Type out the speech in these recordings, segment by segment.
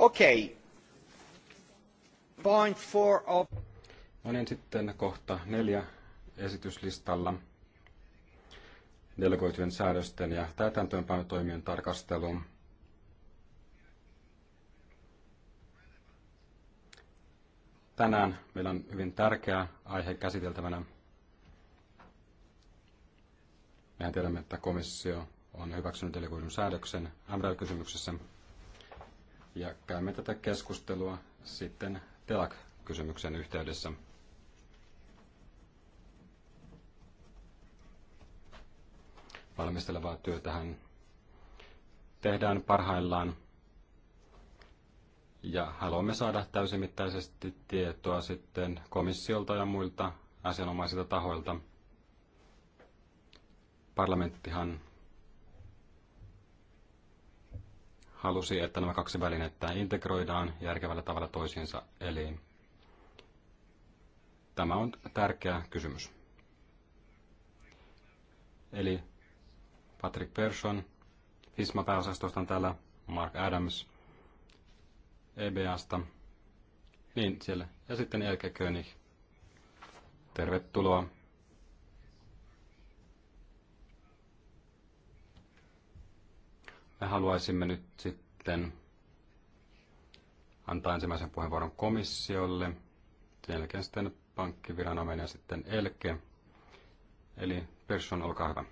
Okei. Okay. Point four of... No niin, sitten kohta neljä esityslistalla delegoitujen säädösten ja täytäntöönpanotoimien tarkasteluun. Tänään meillä on hyvin tärkeä aihe käsiteltävänä. Mehän tiedämme, että komissio on hyväksynyt delegoidun säädöksen MRL-kysymyksessä ja käymme tätä keskustelua sitten TELAK-kysymyksen yhteydessä. Valmistelevaa työtähän tehdään parhaillaan ja haluamme saada täysimittaisesti tietoa sitten komissiolta ja muilta asianomaisilta tahoilta. Parlamenttihan halusi, että nämä kaksi välinettä integroidaan järkevällä tavalla toisiinsa. Eli tämä on tärkeä kysymys. Eli Patrick Persson, FISMA-pääosastosta on täällä, Mark Adams, EBAsta, niin siellä. Ja sitten Elke König. Tervetuloa Me haluaisimme nyt sitten antaa ensimmäisen puheenvuoron komissiolle, sen jälkeen sitten pankkiviranomainen ja sitten Elke. Eli Persson, olkaa hyvä.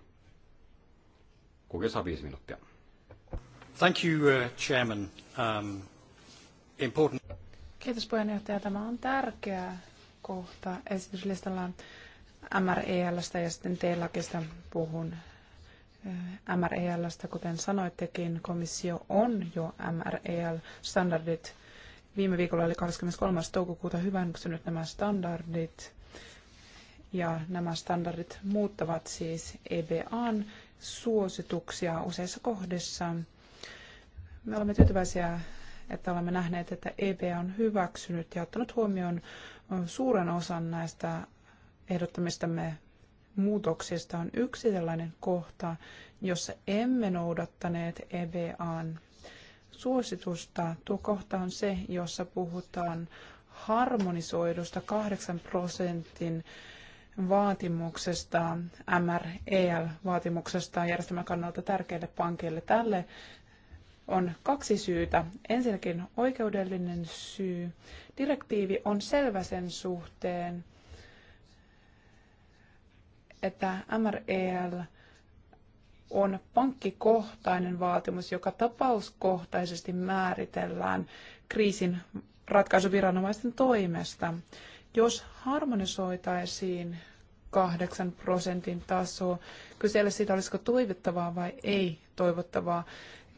Kuka saa viisi minuuttia. Thank you, uh, Chairman. Um, important... Kiitos puheenjohtaja. Tämä on tärkeä kohta esityslistalla MRELstä ja sitten T-lakista puhun MRELstä, kuten sanoittekin, komissio on jo MREL-standardit. Viime viikolla eli 23. toukokuuta hyväksynyt nämä standardit. Ja nämä standardit muuttavat siis EBAn suosituksia useissa kohdissa. Me olemme tyytyväisiä, että olemme nähneet, että EBA on hyväksynyt ja ottanut huomioon suuren osan näistä ehdottamistamme muutoksista on yksi sellainen kohta, jossa emme noudattaneet EBAn suositusta. Tuo kohta on se, jossa puhutaan harmonisoidusta 8 prosentin vaatimuksesta, MREL-vaatimuksesta järjestelmän kannalta tärkeille pankeille. Tälle on kaksi syytä. Ensinnäkin oikeudellinen syy. Direktiivi on selvä sen suhteen, että MREL on pankkikohtainen vaatimus, joka tapauskohtaisesti määritellään kriisin ratkaisuviranomaisten toimesta. Jos harmonisoitaisiin kahdeksan prosentin taso, kyse siitä, olisiko toivottavaa vai ei toivottavaa.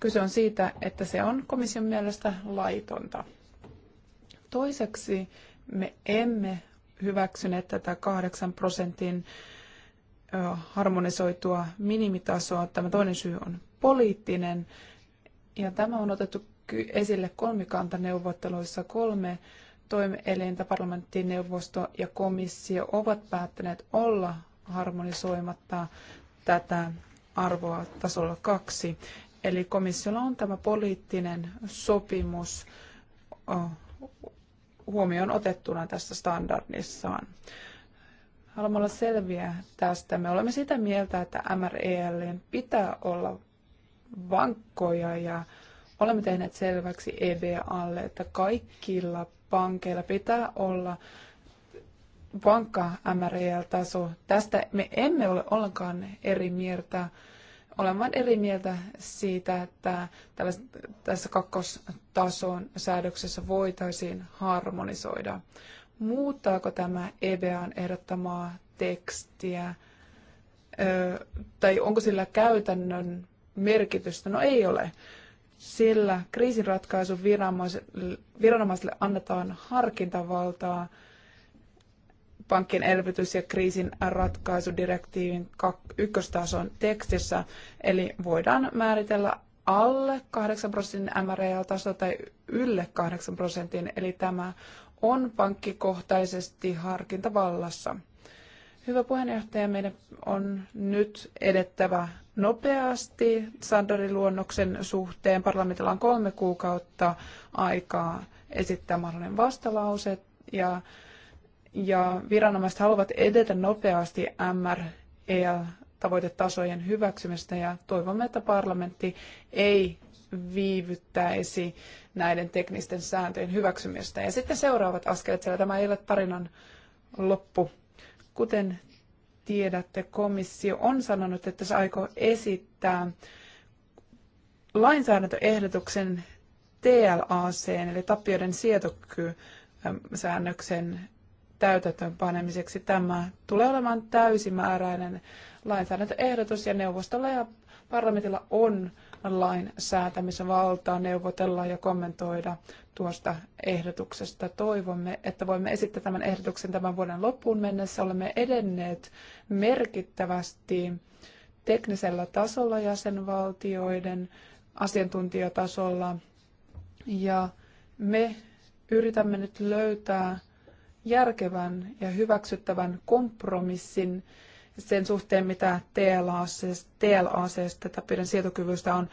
Kyse on siitä, että se on komission mielestä laitonta. Toiseksi me emme hyväksyneet tätä kahdeksan prosentin harmonisoitua minimitasoa. Tämä toinen syy on poliittinen. Ja tämä on otettu esille kolmikantaneuvotteluissa kolme toimielintä, parlamentti, neuvosto ja komissio ovat päättäneet olla harmonisoimatta tätä arvoa tasolla kaksi. Eli komissiolla on tämä poliittinen sopimus huomioon otettuna tässä standardissaan. Haluamme olla selviä tästä. Me olemme sitä mieltä, että MRELin pitää olla vankkoja ja olemme tehneet selväksi EBAlle, että kaikilla pankeilla pitää olla vankka MREL-taso. Tästä me emme ole ollenkaan eri mieltä. Olen vain eri mieltä siitä, että tässä kakkostason säädöksessä voitaisiin harmonisoida muuttaako tämä EBAn ehdottamaa tekstiä, ö, tai onko sillä käytännön merkitystä? No ei ole, sillä kriisinratkaisun viranomaisille annetaan harkintavaltaa pankkien elvytys- ja kriisinratkaisudirektiivin ykköstason tekstissä, eli voidaan määritellä alle 8 prosentin MRL-taso tai ylle 8 prosentin, eli tämä on pankkikohtaisesti harkintavallassa. Hyvä puheenjohtaja, meidän on nyt edettävä nopeasti standardiluonnoksen suhteen. Parlamentilla on kolme kuukautta aikaa esittää mahdollinen vastalause ja, ja viranomaiset haluavat edetä nopeasti MREL tavoitetasojen hyväksymistä ja toivomme, että parlamentti ei viivyttäisi näiden teknisten sääntöjen hyväksymistä. Ja sitten seuraavat askelet, sillä tämä ei ole tarinan loppu. Kuten tiedätte, komissio on sanonut, että se aikoo esittää lainsäädäntöehdotuksen TLAC, eli tappioiden sietokysäännöksen täytäntöön panemiseksi. Tämä tulee olemaan täysimääräinen lainsäädäntöehdotus ja neuvostolla ja parlamentilla on lain säätämisvaltaa neuvotella ja kommentoida tuosta ehdotuksesta. Toivomme, että voimme esittää tämän ehdotuksen tämän vuoden loppuun mennessä. Olemme edenneet merkittävästi teknisellä tasolla jäsenvaltioiden asiantuntijatasolla ja me yritämme nyt löytää järkevän ja hyväksyttävän kompromissin sen suhteen, mitä TLAC, tätä pidän sietokyvystä, on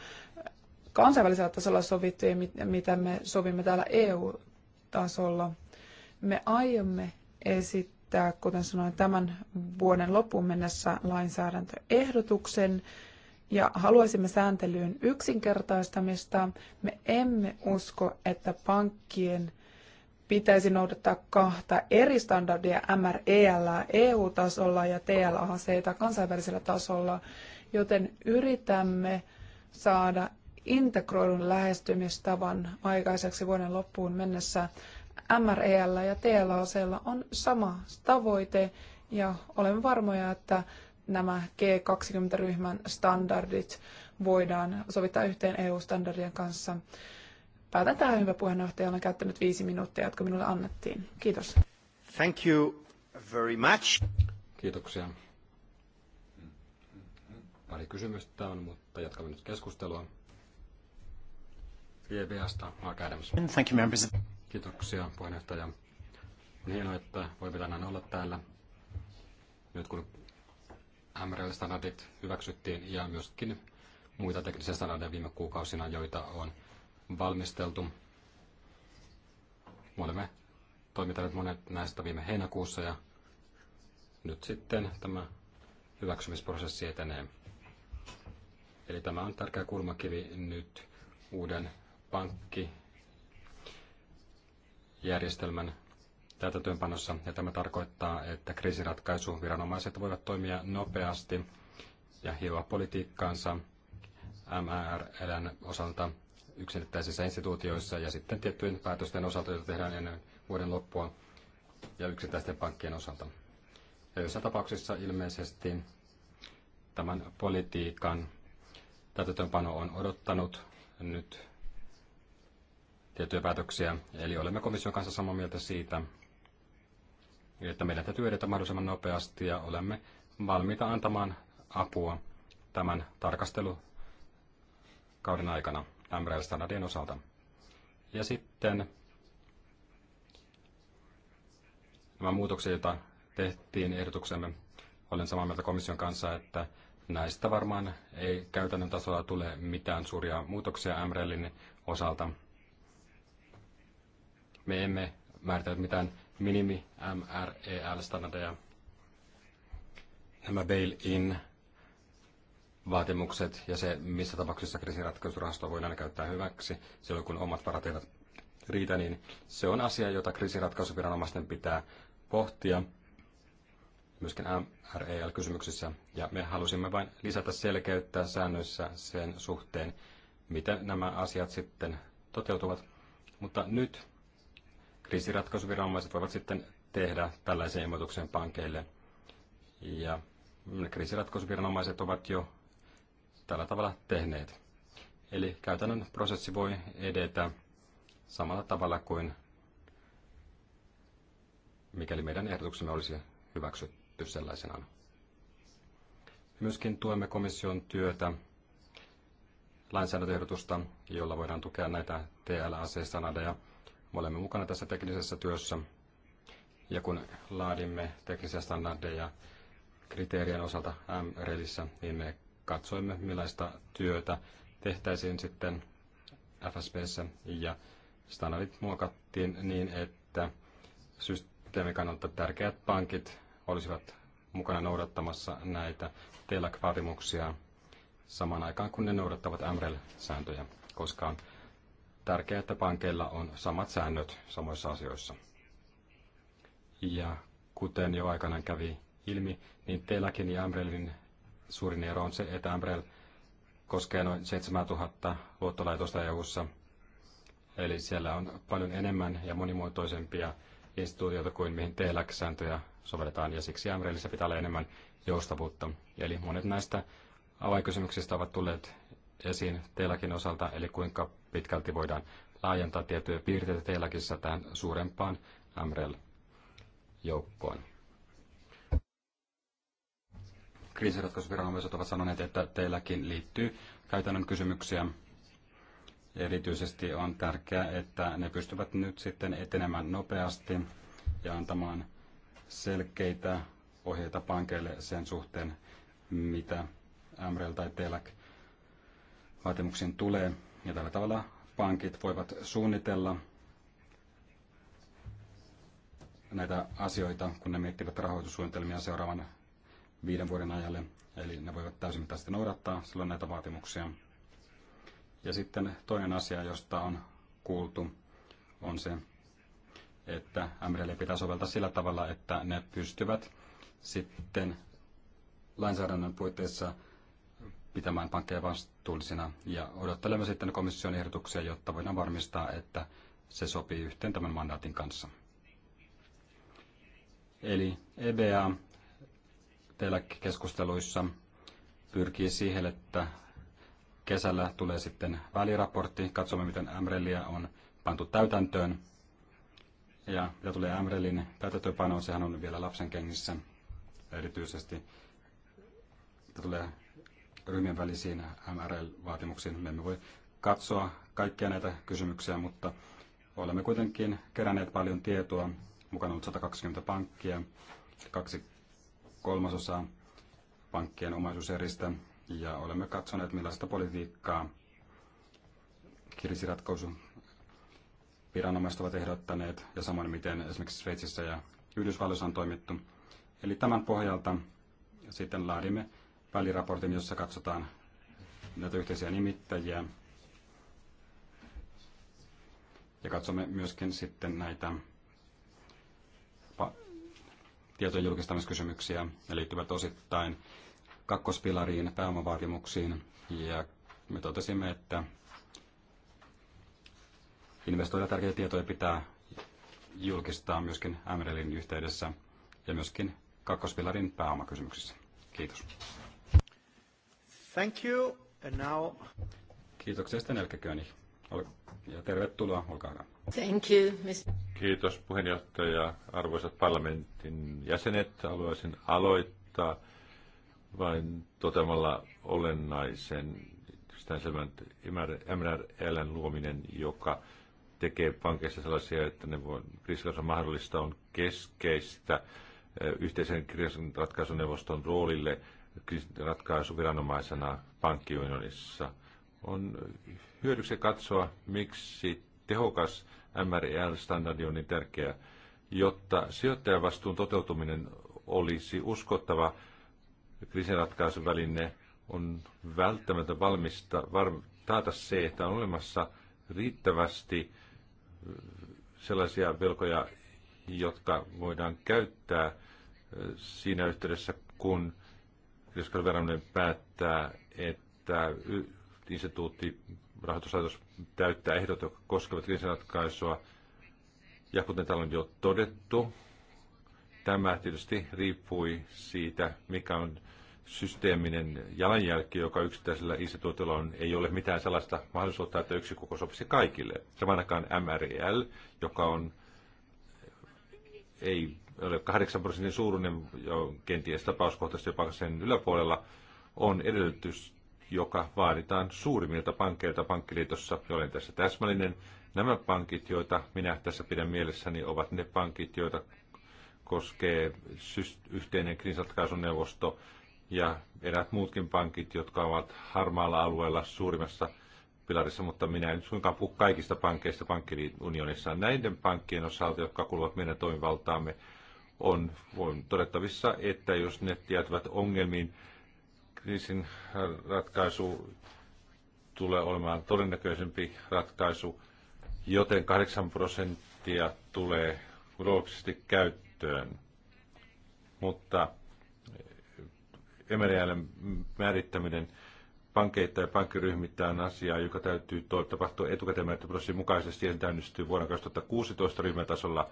kansainvälisellä tasolla sovittu ja mitä me sovimme täällä EU-tasolla. Me aiomme esittää, kuten sanoin, tämän vuoden loppuun mennessä lainsäädäntöehdotuksen ja haluaisimme sääntelyyn yksinkertaistamista. Me emme usko, että pankkien pitäisi noudattaa kahta eri standardia MREL EU-tasolla ja TLAC kansainvälisellä tasolla, joten yritämme saada integroidun lähestymistavan aikaiseksi vuoden loppuun mennessä. MREL ja TLAC on sama tavoite ja olemme varmoja, että nämä G20-ryhmän standardit voidaan sovittaa yhteen EU-standardien kanssa. Päätän tähän hyvä puheenjohtaja. Olen käyttänyt viisi minuuttia, jotka minulle annettiin. Kiitos. Thank you very much. Kiitoksia. Pari kysymystä on, mutta jatkamme nyt keskustelua. VBAsta Mark Adams. Thank you, members. Kiitoksia puheenjohtaja. On hienoa, että voimme tänään olla täällä. Nyt kun MRL-standardit hyväksyttiin ja myöskin muita teknisiä standardeja viime kuukausina, joita on valmisteltu. Me olemme toimittaneet monet näistä viime heinäkuussa ja nyt sitten tämä hyväksymisprosessi etenee. Eli tämä on tärkeä kulmakivi nyt uuden pankkijärjestelmän täytäntöönpanossa. Ja tämä tarkoittaa, että kriisiratkaisuviranomaiset voivat toimia nopeasti ja hioa politiikkaansa MRLn osalta yksittäisissä instituutioissa ja sitten tiettyjen päätösten osalta, joita tehdään ennen vuoden loppua ja yksittäisten pankkien osalta. Ja joissa tapauksissa ilmeisesti tämän politiikan täytäntöönpano on odottanut nyt tiettyjä päätöksiä. Eli olemme komission kanssa samaa mieltä siitä, että meidän täytyy edetä mahdollisimman nopeasti ja olemme valmiita antamaan apua tämän tarkastelukauden aikana. MRL-standardien osalta. Ja sitten nämä muutokset, joita tehtiin ehdotuksemme, olen samaa mieltä komission kanssa, että näistä varmaan ei käytännön tasolla tule mitään suuria muutoksia MRLin osalta. Me emme määritä mitään minimi MREL-standardeja. Nämä bail-in vaatimukset ja se, missä tapauksessa kriisinratkaisurahastoa voidaan käyttää hyväksi silloin, kun omat varat eivät riitä, niin se on asia, jota kriisiratkaisuviranomaisten pitää pohtia myöskin MREL-kysymyksissä. Ja me halusimme vain lisätä selkeyttä säännöissä sen suhteen, miten nämä asiat sitten toteutuvat. Mutta nyt kriisiratkaisuviranomaiset voivat sitten tehdä tällaisen ilmoituksen pankeille. Ja kriisiratkaisuviranomaiset ovat jo tällä tavalla tehneet. Eli käytännön prosessi voi edetä samalla tavalla kuin mikäli meidän ehdotuksemme olisi hyväksytty sellaisenaan. Myöskin tuemme komission työtä lainsäädäntöehdotusta, jolla voidaan tukea näitä TLAC-standardeja. Me olemme mukana tässä teknisessä työssä. Ja kun laadimme teknisiä standardeja kriteerien osalta m niin me katsoimme, millaista työtä tehtäisiin sitten FSBssä ja standardit muokattiin niin, että systeemin kannalta tärkeät pankit olisivat mukana noudattamassa näitä TELAC-vaatimuksia samaan aikaan, kun ne noudattavat MREL-sääntöjä, koska on tärkeää, että pankeilla on samat säännöt samoissa asioissa. Ja kuten jo aikanaan kävi ilmi, niin TELACin ja MRELin suurin ero on se, että Umbrel koskee noin 7000 luottolaitosta EU-ssa. Eli siellä on paljon enemmän ja monimuotoisempia instituutioita kuin mihin TLX-sääntöjä sovelletaan, ja siksi Amrelissa pitää olla enemmän joustavuutta. Eli monet näistä avainkysymyksistä ovat tulleet esiin TLAKin osalta, eli kuinka pitkälti voidaan laajentaa tiettyjä piirteitä TLAKissa tähän suurempaan Amrel-joukkoon kriisiratkaisuviranomaiset ovat sanoneet, että teilläkin liittyy käytännön kysymyksiä. Erityisesti on tärkeää, että ne pystyvät nyt sitten etenemään nopeasti ja antamaan selkeitä ohjeita pankeille sen suhteen, mitä MREL tai TELAC vaatimuksiin tulee. Ja tällä tavalla pankit voivat suunnitella näitä asioita, kun ne miettivät rahoitussuunnitelmia seuraavan viiden vuoden ajalle, eli ne voivat täysimittaisesti noudattaa silloin näitä vaatimuksia. Ja sitten toinen asia, josta on kuultu, on se, että MRL pitää soveltaa sillä tavalla, että ne pystyvät sitten lainsäädännön puitteissa pitämään pankkeja vastuullisina ja odottelemme sitten komission ehdotuksia, jotta voidaan varmistaa, että se sopii yhteen tämän mandaatin kanssa. Eli EBA teillä keskusteluissa pyrkii siihen, että kesällä tulee sitten väliraportti. Katsomme, miten Amrelia on pantu täytäntöön. Ja mitä tulee Amrelin täytäntöönpanoon, sehän on vielä lapsen kengissä erityisesti. Mitä tulee ryhmien välisiin MRL-vaatimuksiin, me emme voi katsoa kaikkia näitä kysymyksiä, mutta olemme kuitenkin keränneet paljon tietoa. Mukana on 120 pankkia, kaksi kolmasosaa pankkien omaisuuseristä ja olemme katsoneet millaista politiikkaa kriisiratkaisu viranomaiset ovat ehdottaneet ja samoin miten esimerkiksi Sveitsissä ja Yhdysvalloissa on toimittu. Eli tämän pohjalta sitten laadimme väliraportin, jossa katsotaan näitä yhteisiä nimittäjiä ja katsomme myöskin sitten näitä tietojen julkistamiskysymyksiä. Ne liittyvät osittain kakkospilariin, pääomavaatimuksiin ja me totesimme, että investoijille tärkeitä tietoja pitää julkistaa myöskin MRLin yhteydessä ja myöskin kakkospilarin pääomakysymyksissä. Kiitos. Thank you. And now... Kiitoksia sitten Elke König ja tervetuloa, olkaa hyvä. Thank you, Mr. Kiitos puheenjohtaja. Arvoisat parlamentin jäsenet, haluaisin aloittaa vain toteamalla olennaisen selvän MRLn luominen, joka tekee pankeista sellaisia, että ne voi, kriisilaisuus mahdollista on keskeistä eh, yhteisen kriisinratkaisuneuvoston roolille kriisinratkaisuviranomaisena pankkiunionissa – on hyödyksi katsoa, miksi tehokas MRL-standardi on niin tärkeä, jotta sijoittajavastuun toteutuminen olisi uskottava väline, on välttämättä valmista, var, taata se, että on olemassa riittävästi äh, sellaisia velkoja, jotka voidaan käyttää äh, siinä yhteydessä, kun kriisinratkaisuväline päättää, että instituutti, rahoituslaitos täyttää ehdot, jotka koskevat kriisiratkaisua. Ja kuten täällä on jo todettu, tämä tietysti riippui siitä, mikä on systeeminen jalanjälki, joka yksittäisellä instituutilla on, ei ole mitään sellaista mahdollisuutta, että yksi koko sopisi kaikille. Samanakaan MREL, joka on ei ole 8 prosentin suuruinen, kenties tapauskohtaisesti jopa sen yläpuolella, on edellytys joka vaaditaan suurimmilta pankkeilta pankkiliitossa, olen tässä täsmällinen. Nämä pankit, joita minä tässä pidän mielessäni, ovat ne pankit, joita koskee yhteinen kriisatkaisuneuvosto ja erät muutkin pankit, jotka ovat harmaalla alueella suurimmassa pilarissa, mutta minä en suinkaan puhu kaikista pankeista pankkiunionissa. Näiden pankkien osalta, jotka kuuluvat meidän toimivaltaamme, on, on todettavissa, että jos ne jäätyvät ongelmiin, kriisin ratkaisu tulee olemaan todennäköisempi ratkaisu, joten 8 prosenttia tulee luollisesti käyttöön. Mutta MRLn määrittäminen pankeita ja pankkiryhmittäin asiaa, joka täytyy tapahtua etukäteen mukaisesti. Siihen täynnistyy vuonna 2016 ryhmätasolla.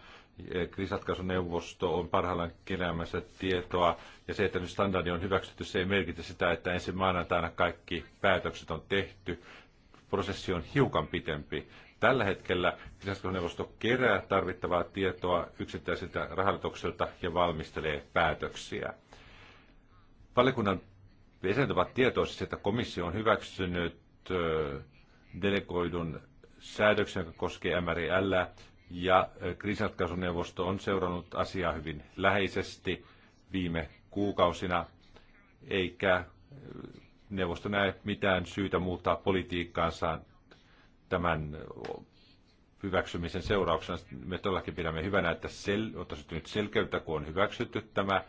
Kriisratkaisuneuvosto on parhaillaan keräämässä tietoa. Ja se, että nyt standardi on hyväksytty, se ei merkitä sitä, että ensi maanantaina kaikki päätökset on tehty. Prosessi on hiukan pitempi. Tällä hetkellä kriisratkaisuneuvosto kerää tarvittavaa tietoa yksittäisiltä rahoitukselta ja valmistelee päätöksiä. Valiokunnan jäsenet ovat tietoisia, että komissio on hyväksynyt delegoidun säädöksen, joka koskee MRL, ja kriisinratkaisuneuvosto on seurannut asiaa hyvin läheisesti viime kuukausina, eikä neuvosto näe mitään syytä muuttaa politiikkaansa tämän hyväksymisen seurauksena. Me todellakin pidämme hyvänä, että sel, on nyt selkeyttä, kun on hyväksytty tämä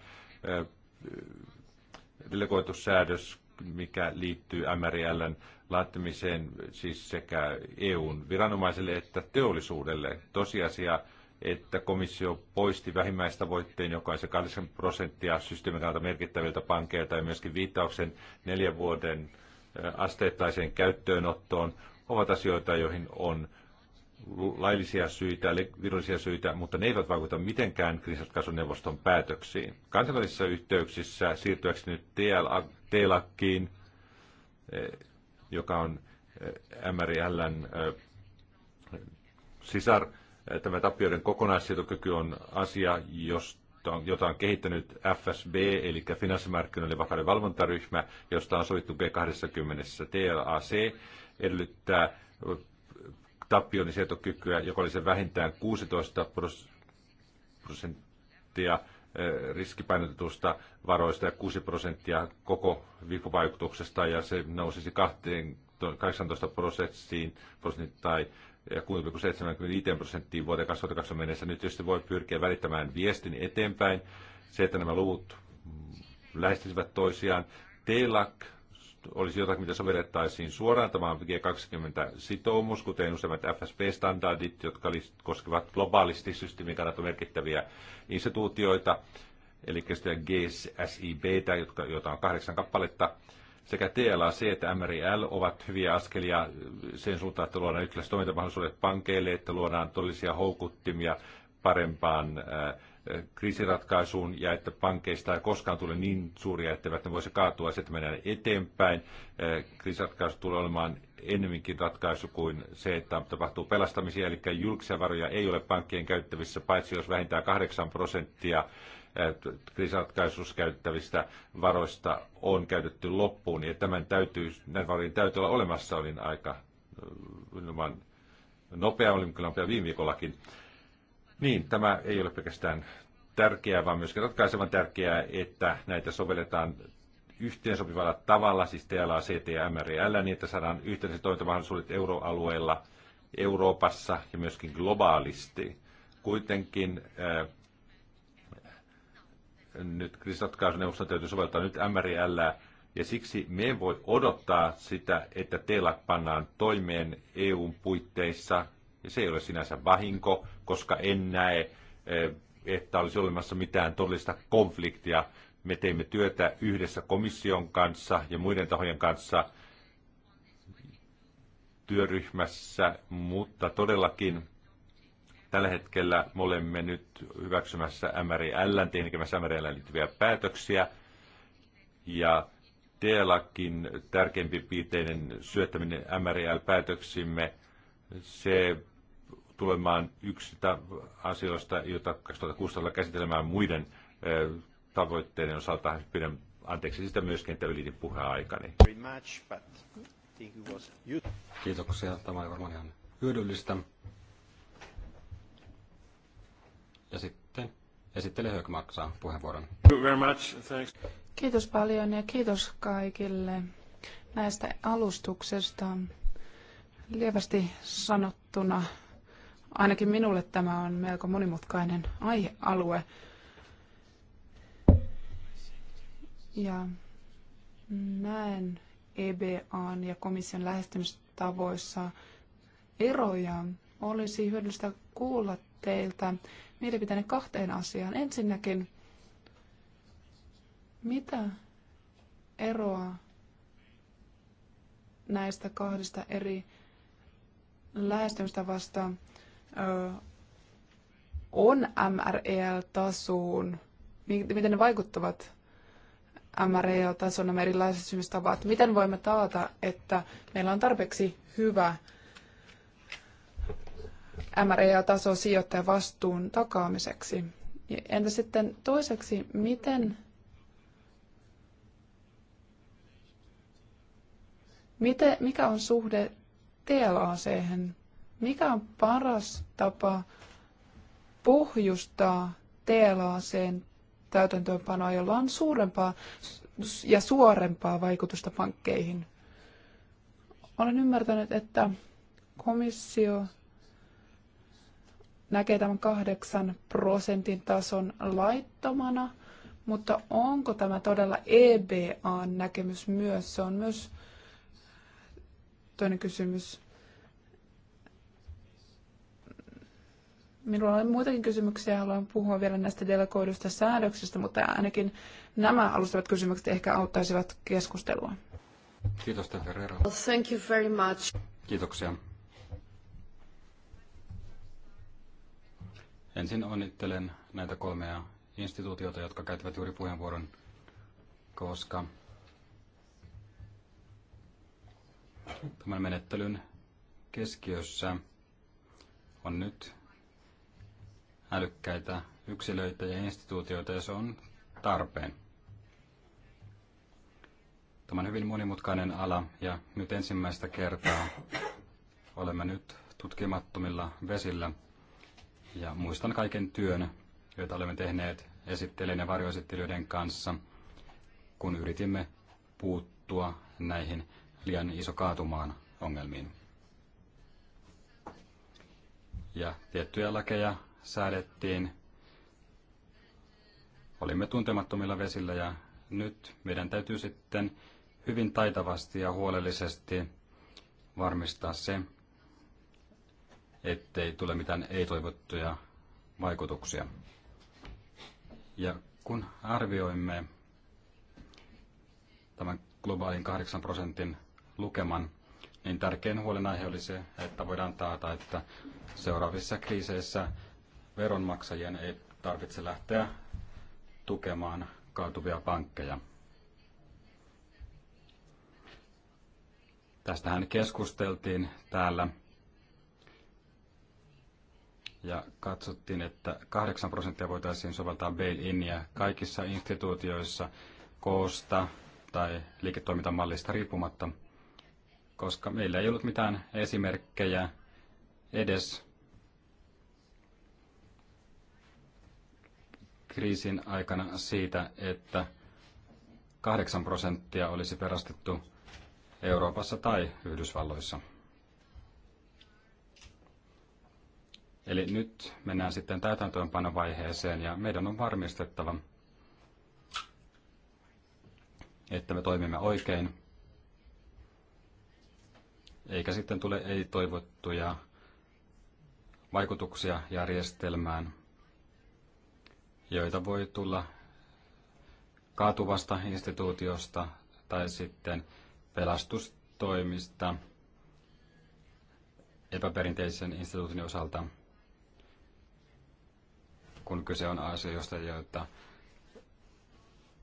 delegoitussäädös, mikä liittyy MRLn laittamiseen siis sekä EUn viranomaisille että teollisuudelle. Tosiasia, että komissio poisti vähimmäistavoitteen, joka on se 8 prosenttia systeemin kannalta merkittäviltä pankeilta ja myöskin viittauksen neljän vuoden asteittaiseen käyttöönottoon, ovat asioita, joihin on laillisia syitä, virallisia syitä, mutta ne eivät vaikuta mitenkään neuvoston päätöksiin. Kansainvälisissä yhteyksissä siirtyäkseni nyt TLAKkiin, eh, joka on eh, MRLn eh, sisar, tämä tappioiden kokonaissietokyky on asia, josta, jota on kehittänyt FSB, eli finanssimarkkinoiden vakauden valvontaryhmä, josta on sovittu G20 TLAC, edellyttää tappion sietokykyä, joka se vähintään 16 prosenttia eh, riskipainotetusta varoista ja 6 prosenttia koko vipuvaikutuksesta ja se nousisi 18 prosenttiin tai ja 6,75 prosenttiin vuoteen 2020 mennessä. Nyt tietysti voi pyrkiä välittämään viestin eteenpäin. Se, että nämä luvut lähestyisivät toisiaan. TELAC olisi jotakin, mitä sovellettaisiin suoraan. Tämä on G20-sitoumus, kuten useimmat FSP-standardit, jotka koskevat globaalisti systeemin kannalta merkittäviä instituutioita, eli sitä GSIB, jotka, joita on kahdeksan kappaletta, sekä TLAC että MRIL ovat hyviä askelia sen suuntaan, että luodaan yhtäläiset toimintamahdollisuudet pankeille, että luodaan todellisia houkuttimia parempaan äh, kriisiratkaisuun ja että pankeista ei koskaan tule niin suuria, etteivät ne voisi kaatua ja että mennään eteenpäin. Kriisiratkaisu tulee olemaan ennemminkin ratkaisu kuin se, että tapahtuu pelastamisia, eli julkisia varoja ei ole pankkien käyttävissä, paitsi jos vähintään 8 prosenttia kriisiratkaisussa käyttävistä varoista on käytetty loppuun, ja tämän täytyy, näin varoihin täytyy olla olemassa, olin aika nopea, olin kyllä nopea viime viikollakin niin, tämä ei ole pelkästään tärkeää, vaan myöskin ratkaisevan tärkeää, että näitä sovelletaan yhteensopivalla tavalla, siis TLA, CT ja MRL, niin että saadaan yhteiset toimintamahdollisuudet euroalueella, Euroopassa ja myöskin globaalisti. Kuitenkin ää, äh, nyt kriisiratkaisuneuvoston täytyy soveltaa nyt MRL, ja siksi me ei voi odottaa sitä, että TLA pannaan toimeen EUn puitteissa, ja se ei ole sinänsä vahinko, koska en näe, eh, että olisi olemassa mitään todellista konfliktia. Me teemme työtä yhdessä komission kanssa ja muiden tahojen kanssa työryhmässä, mutta todellakin tällä hetkellä me olemme nyt hyväksymässä MRL, tekemässä MRL liittyviä päätöksiä. Ja TELAKin tärkeimpi piirteinen syöttäminen MRL-päätöksimme, se tulemaan yksi asioista, jota 2016 käsittelemään muiden tavoitteiden osalta. Pidän anteeksi sitä myöskin, että ylitin aikani. Kiitoksia. Tämä on varmaan ihan hyödyllistä. Ja sitten esittelee Höök maksaa puheenvuoron. Kiitos paljon ja kiitos kaikille näistä alustuksesta. Lievästi sanottuna Ainakin minulle tämä on melko monimutkainen aihealue. Ja näen EBAn ja komission lähestymistavoissa eroja. Olisi hyödyllistä kuulla teiltä mielipiteenne kahteen asiaan. Ensinnäkin, mitä eroa näistä kahdesta eri lähestymistavasta on mrl e tasoon miten ne vaikuttavat mrl e tasoon nämä erilaiset syystavat? miten voimme taata, että meillä on tarpeeksi hyvä mrl e taso sijoittajan vastuun takaamiseksi. Entä sitten toiseksi, miten Miten, mikä on suhde TLAC? -hän? Mikä on paras tapa pohjustaa TLACn täytäntöönpanoa, jolla on suurempaa ja suorempaa vaikutusta pankkeihin? Olen ymmärtänyt, että komissio näkee tämän kahdeksan prosentin tason laittomana, mutta onko tämä todella EBAn näkemys myös? Se on myös toinen kysymys. Minulla on muitakin kysymyksiä, haluan puhua vielä näistä delegoidusta säädöksistä, mutta ainakin nämä alustavat kysymykset ehkä auttaisivat keskustelua. Kiitos, Well, Thank you very much. Kiitoksia. Ensin onnittelen näitä kolmea instituutiota, jotka käyttävät juuri puheenvuoron, koska tämän menettelyn keskiössä on nyt älykkäitä yksilöitä ja instituutioita ja se on tarpeen. Tämä on hyvin monimutkainen ala ja nyt ensimmäistä kertaa olemme nyt tutkimattomilla vesillä ja muistan kaiken työn, joita olemme tehneet esittelijän ja varjoesittelijöiden kanssa, kun yritimme puuttua näihin liian iso kaatumaan ongelmiin. Ja tiettyjä lakeja säädettiin, olimme tuntemattomilla vesillä ja nyt meidän täytyy sitten hyvin taitavasti ja huolellisesti varmistaa se, ettei tule mitään ei-toivottuja vaikutuksia. Ja kun arvioimme tämän globaalin 8 prosentin lukeman, niin tärkein huolenaihe oli se, että voidaan taata, että seuraavissa kriiseissä veronmaksajien ei tarvitse lähteä tukemaan kaatuvia pankkeja. Tästähän keskusteltiin täällä ja katsottiin, että 8 prosenttia voitaisiin soveltaa bail-inia kaikissa instituutioissa koosta tai liiketoimintamallista riippumatta, koska meillä ei ollut mitään esimerkkejä edes kriisin aikana siitä, että 8 prosenttia olisi perastettu Euroopassa tai Yhdysvalloissa. Eli nyt mennään sitten täytäntöönpanovaiheeseen ja meidän on varmistettava, että me toimimme oikein, eikä sitten tule ei-toivottuja vaikutuksia järjestelmään, joita voi tulla kaatuvasta instituutiosta tai sitten pelastustoimista epäperinteisen instituutin osalta, kun kyse on asioista, joita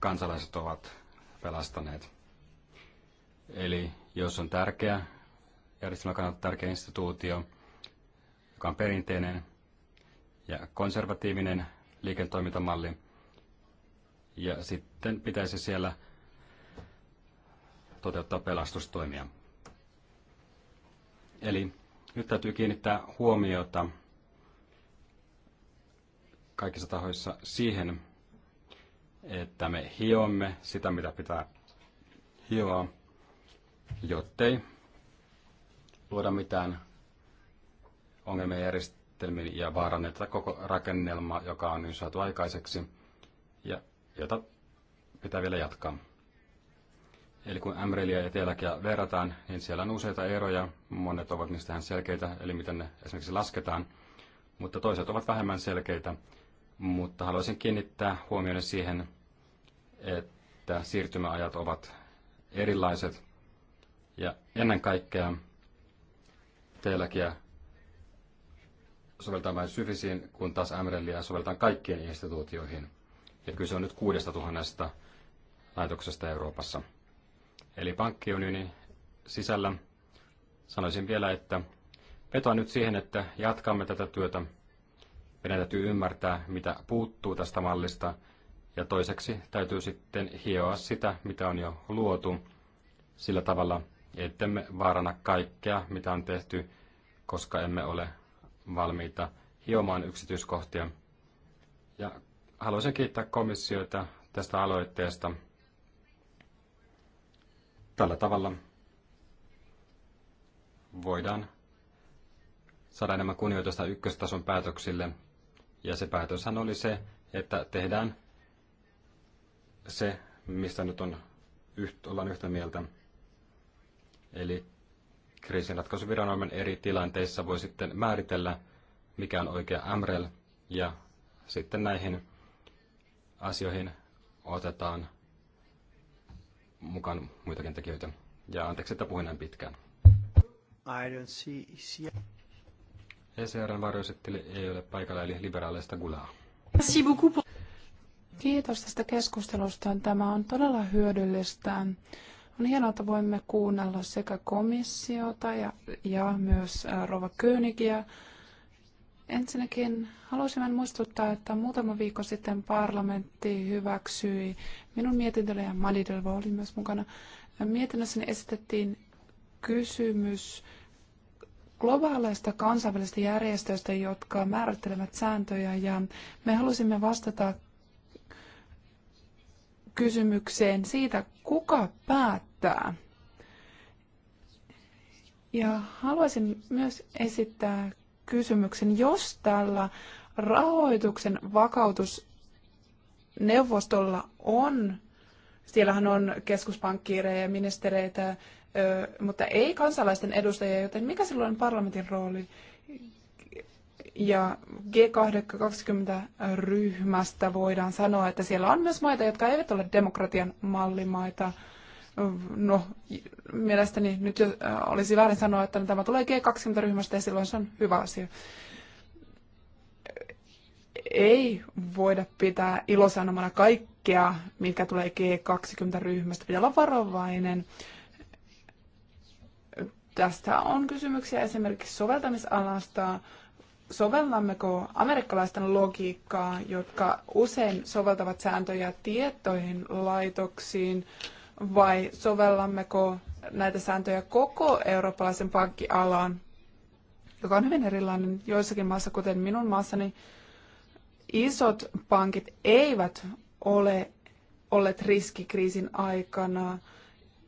kansalaiset ovat pelastaneet. Eli jos on tärkeä, järjestelmä kannalta tärkeä instituutio, joka on perinteinen ja konservatiivinen liiketoimintamalli. Ja sitten pitäisi siellä toteuttaa pelastustoimia. Eli nyt täytyy kiinnittää huomiota kaikissa tahoissa siihen, että me hiomme sitä, mitä pitää hioa, jottei luoda mitään ongelmia järjestää järjestelmiin ja vaaranneta koko rakennelma, joka on nyt saatu aikaiseksi ja jota pitää vielä jatkaa. Eli kun Amrelia ja TLKia verrataan, niin siellä on useita eroja. Monet ovat niistä selkeitä, eli miten ne esimerkiksi lasketaan, mutta toiset ovat vähemmän selkeitä. Mutta haluaisin kiinnittää huomioon siihen, että siirtymäajat ovat erilaiset. Ja ennen kaikkea TLKia soveltaa vain syfisiin, kun taas MRLiä sovelletaan kaikkien instituutioihin. Ja kyse on nyt kuudesta tuhannesta laitoksesta Euroopassa. Eli pankkiunioni sisällä sanoisin vielä, että vetoan nyt siihen, että jatkamme tätä työtä. Meidän täytyy ymmärtää, mitä puuttuu tästä mallista, ja toiseksi täytyy sitten hioa sitä, mitä on jo luotu, sillä tavalla, ettemme vaarana kaikkea, mitä on tehty, koska emme ole valmiita hiomaan yksityiskohtia. Ja haluaisin kiittää komissiota tästä aloitteesta. Tällä tavalla voidaan saada enemmän kunnioitusta ykköstason päätöksille. Ja se päätöshän oli se, että tehdään se, mistä nyt on yht, ollaan yhtä mieltä. Eli kriisinratkaisuviranomainen eri tilanteissa voi sitten määritellä, mikä on oikea MREL, ja sitten näihin asioihin otetaan mukaan muitakin tekijöitä. Ja anteeksi, että puhuin näin pitkään. I don't see... see. ECRn varjoesittely ei ole paikalla, eli liberaaleista gulaa. Kiitos tästä keskustelusta. Tämä on todella hyödyllistä. On hienoa, että voimme kuunnella sekä komissiota ja, ja myös Rova Königiä. Ensinnäkin haluaisin muistuttaa, että muutama viikko sitten parlamentti hyväksyi minun mietintöni ja Madi oli myös mukana. Mietinnössä esitettiin kysymys globaaleista kansainvälisistä järjestöistä, jotka määrittelevät sääntöjä ja me halusimme vastata kysymykseen siitä, kuka päättää. Ja haluaisin myös esittää kysymyksen, jos tällä rahoituksen vakautusneuvostolla on, siellähän on keskuspankkiireja ja ministereitä, mutta ei kansalaisten edustajia, joten mikä silloin on parlamentin rooli? Ja G20-ryhmästä voidaan sanoa, että siellä on myös maita, jotka eivät ole demokratian mallimaita. No, mielestäni nyt jo äh, olisi väärin sanoa, että tämä tulee G20-ryhmästä ja silloin se on hyvä asia. Ei voida pitää ilosanomana kaikkea, mikä tulee G20-ryhmästä. Pitää olla varovainen tästä on kysymyksiä esimerkiksi soveltamisalasta, sovellammeko amerikkalaisten logiikkaa, jotka usein soveltavat sääntöjä tietoihin laitoksiin, vai sovellammeko näitä sääntöjä koko eurooppalaisen pankkialaan, joka on hyvin erilainen joissakin maissa, kuten minun maassani. Isot pankit eivät ole olleet riskikriisin aikana,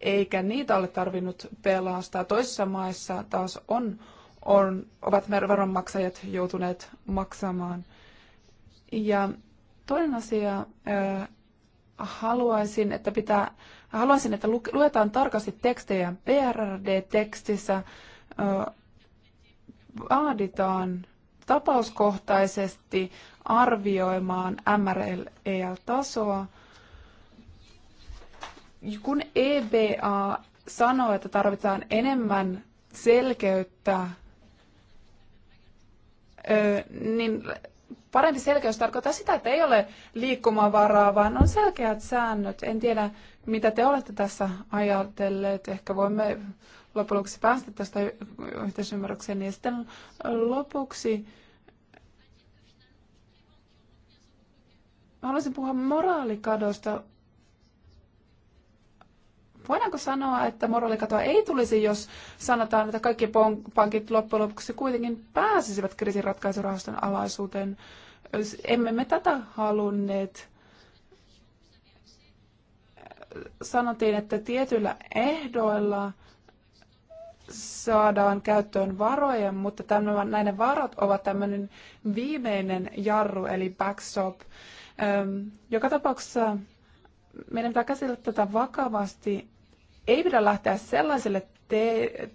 eikä niitä ole tarvinnut pelastaa. Toisissa maissa taas on on, ovat veronmaksajat joutuneet maksamaan. Ja toinen asia, äh, haluaisin, että pitää, haluaisin, että luetaan tarkasti tekstejä. PRD-tekstissä äh, vaaditaan tapauskohtaisesti arvioimaan MRL-tasoa. E Kun EBA sanoo, että tarvitaan enemmän selkeyttä niin parempi selkeys tarkoittaa sitä, että ei ole liikkumavaraa, vaan on selkeät säännöt. En tiedä, mitä te olette tässä ajatelleet. Ehkä voimme loppujen lopuksi päästä tästä yhteisymmärrykseen. Ja sitten lopuksi haluaisin puhua moraalikadosta. Voidaanko sanoa, että moraalikatoa ei tulisi, jos sanotaan, että kaikki pankit loppujen lopuksi kuitenkin pääsisivät kriisinratkaisurahaston alaisuuteen? Emme me tätä halunneet. Sanottiin, että tietyillä ehdoilla saadaan käyttöön varoja, mutta tämän, näiden varat ovat tämmöinen viimeinen jarru, eli backstop. joka tapauksessa meidän pitää käsitellä tätä vakavasti ei pidä lähteä sellaiselle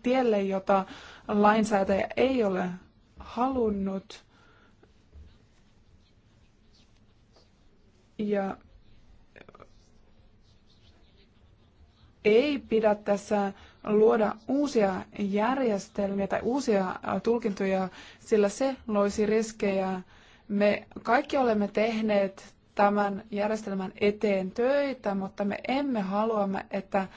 tielle, jota lainsäätäjä ei ole halunnut. Ja ei pidä tässä luoda uusia järjestelmiä tai uusia tulkintoja, sillä se loisi riskejä. Me kaikki olemme tehneet tämän järjestelmän eteen töitä, mutta me emme halua, että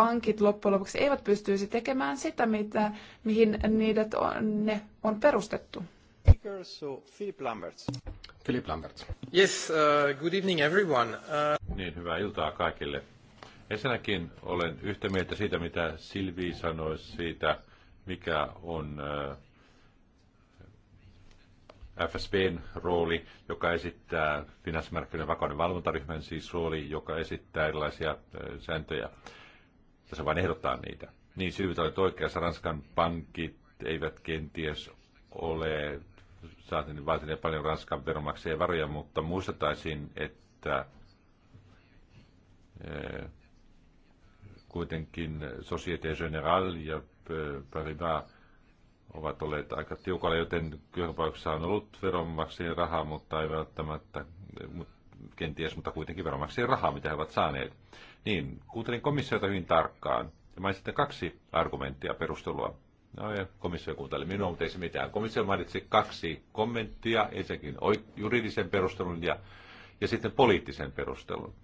pankit loppujen lopuksi eivät pystyisi tekemään sitä, mitä, mihin niidät on, ne on perustettu. Philip Lamberts. Philip Lamberts. Yes, uh, good evening everyone. Uh... Niin, hyvää iltaa kaikille. Ensinnäkin olen yhtä mieltä siitä, mitä Silvi sanoi siitä, mikä on uh, FSBn rooli, joka esittää finanssimarkkinoiden vakauden valvontaryhmän siis rooli, joka esittää erilaisia uh, sääntöjä että se vain ehdottaa niitä. Niin syyt olet oikeassa, Ranskan pankit eivät kenties ole saatiin vaatineet paljon Ranskan veronmaksajien varoja, mutta muistaisin, että eh, kuitenkin Société Générale ja eh, Paribas ovat olleet aika tiukalla, joten kyllä on ollut veronmaksajien rahaa, mutta ei välttämättä, eh, kenties, mutta kuitenkin veronmaksajien rahaa, mitä he ovat saaneet. Niin, kuuntelin komissiota hyvin tarkkaan. Ja sitten kaksi argumenttia perustelua. No ja komissio kuunteli minua, mutta ei se mitään. Komissio mainitsi kaksi kommenttia, ensinnäkin juridisen perustelun ja, ja sitten poliittisen perustelun.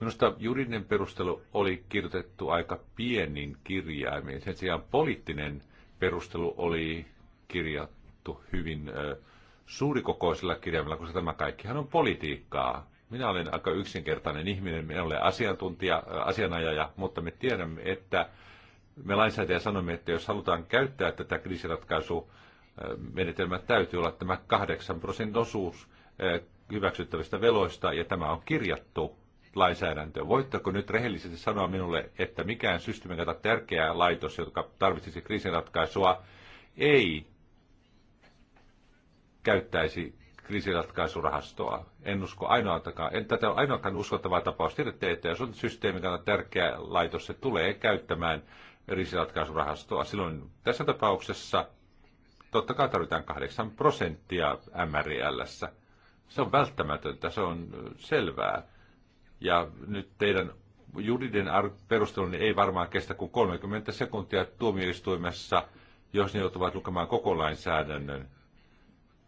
Minusta juridinen perustelu oli kirjoitettu aika pienin kirjaimin. Sen sijaan poliittinen perustelu oli kirjattu hyvin ö, kirjaimella koska tämä kaikkihan on politiikkaa. Minä olen aika yksinkertainen ihminen, minä olen asiantuntija, asianajaja, mutta me tiedämme, että me lainsäätäjä sanomme, että jos halutaan käyttää tätä kriisiratkaisumenetelmää, täytyy olla tämä 8 prosentin osuus hyväksyttävistä veloista, ja tämä on kirjattu lainsäädäntöön. Voitteko nyt rehellisesti sanoa minulle, että mikään systeemin tärkeä laitos, joka tarvitsisi kriisinratkaisua, ei käyttäisi kriisiratkaisurahastoa. En usko ainoatakaan, en tätä ainoakaan uskottavaa tapausta. Tiedätte, että jos on systeemi, on tärkeä laitos, se tulee käyttämään kriisiratkaisurahastoa. Silloin tässä tapauksessa totta kai tarvitaan 8 prosenttia MRLssä. Se on välttämätöntä, se on selvää. Ja nyt teidän juridinen perustelu niin ei varmaan kestä kuin 30 sekuntia tuomioistuimessa, jos ne joutuvat lukemaan koko lainsäädännön.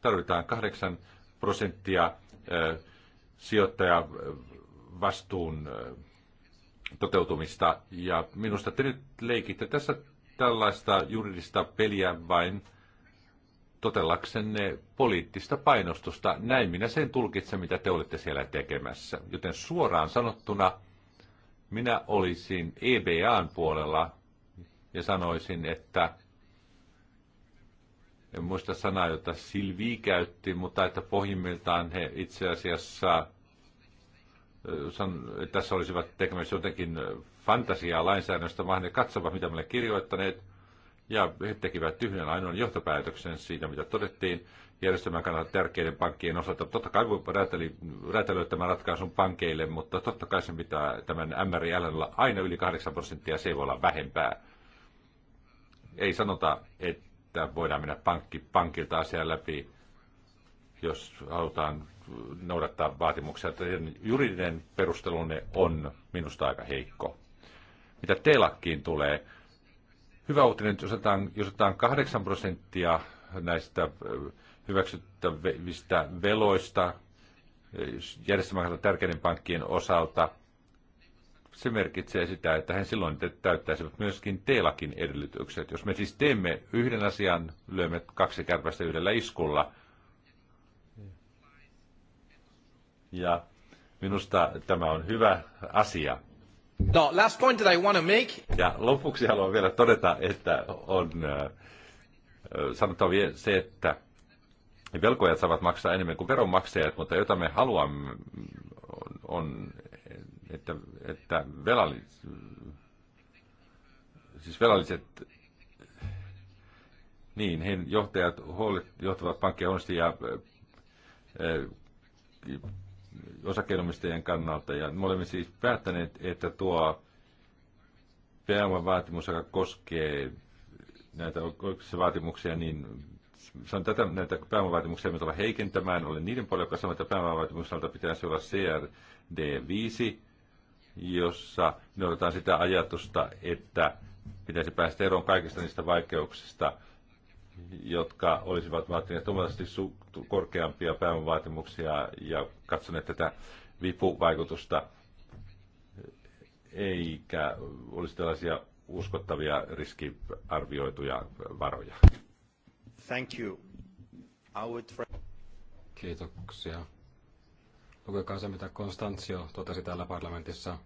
Tarvitaan kahdeksan prosenttia sijoittajavastuun toteutumista. Ja minusta te nyt leikitte tässä tällaista juridista peliä vain totellaksenne poliittista painostusta. Näin minä sen tulkitsen, mitä te olette siellä tekemässä. Joten suoraan sanottuna minä olisin EBAn puolella ja sanoisin, että en muista sanaa, jota Silvi käytti, mutta että pohjimmiltaan he itse asiassa tässä olisivat tekemässä jotenkin fantasiaa lainsäädännöstä, vaan he katsovat, mitä me olemme kirjoittaneet, ja he tekivät yhden ainoan johtopäätöksen siitä, mitä todettiin järjestelmän kannalta tärkeiden pankkien osalta. Totta kai voi räätälöidä tämän ratkaisun pankeille, mutta totta kai se pitää tämän MRL olla aina yli 8 prosenttia, se ei voi olla vähempää. Ei sanota, että että voidaan mennä pankki, pankilta asiaa läpi, jos halutaan noudattaa vaatimuksia. Juridinen perustelunne on minusta aika heikko. Mitä telakkiin tulee, hyvä uutinen, jos otetaan, jos otetaan 8 prosenttia näistä hyväksyttävistä veloista järjestelmän tärkeiden pankkien osalta – se merkitsee sitä, että hän silloin täyttäisivät myöskin teelakin edellytykset. Jos me siis teemme yhden asian, lyömme kaksi kärpästä yhdellä iskulla. Ja minusta tämä on hyvä asia. No, last point that I want to make. Ja lopuksi haluan vielä todeta, että on äh, sanottavien se, että velkojat saavat maksaa enemmän kuin veronmaksajat, mutta jota me haluamme on, että, että velallis, siis velalliset, niin, he johtajat johtavat pankkia onnisti ja eh, osakkeenomistajien kannalta. Ja me olemme siis päättäneet, että tuo PM-vaatimus, joka koskee näitä vaatimuksia, niin sanon tätä, näitä pääomavaatimuksia me tullaan heikentämään. Olen niiden puolella, jotka sanoo, että pääomavaatimusalta pitäisi olla CRD5, jossa otetaan sitä ajatusta, että pitäisi päästä eroon kaikista niistä vaikeuksista, jotka olisivat vaatineet omaisesti korkeampia pääomavaatimuksia ja katsoneet tätä vipuvaikutusta, eikä olisi tällaisia uskottavia riskiarvioituja varoja. Thank you. I would... Kiitoksia. Lukekaa se, mitä Konstantio totesi täällä parlamentissa.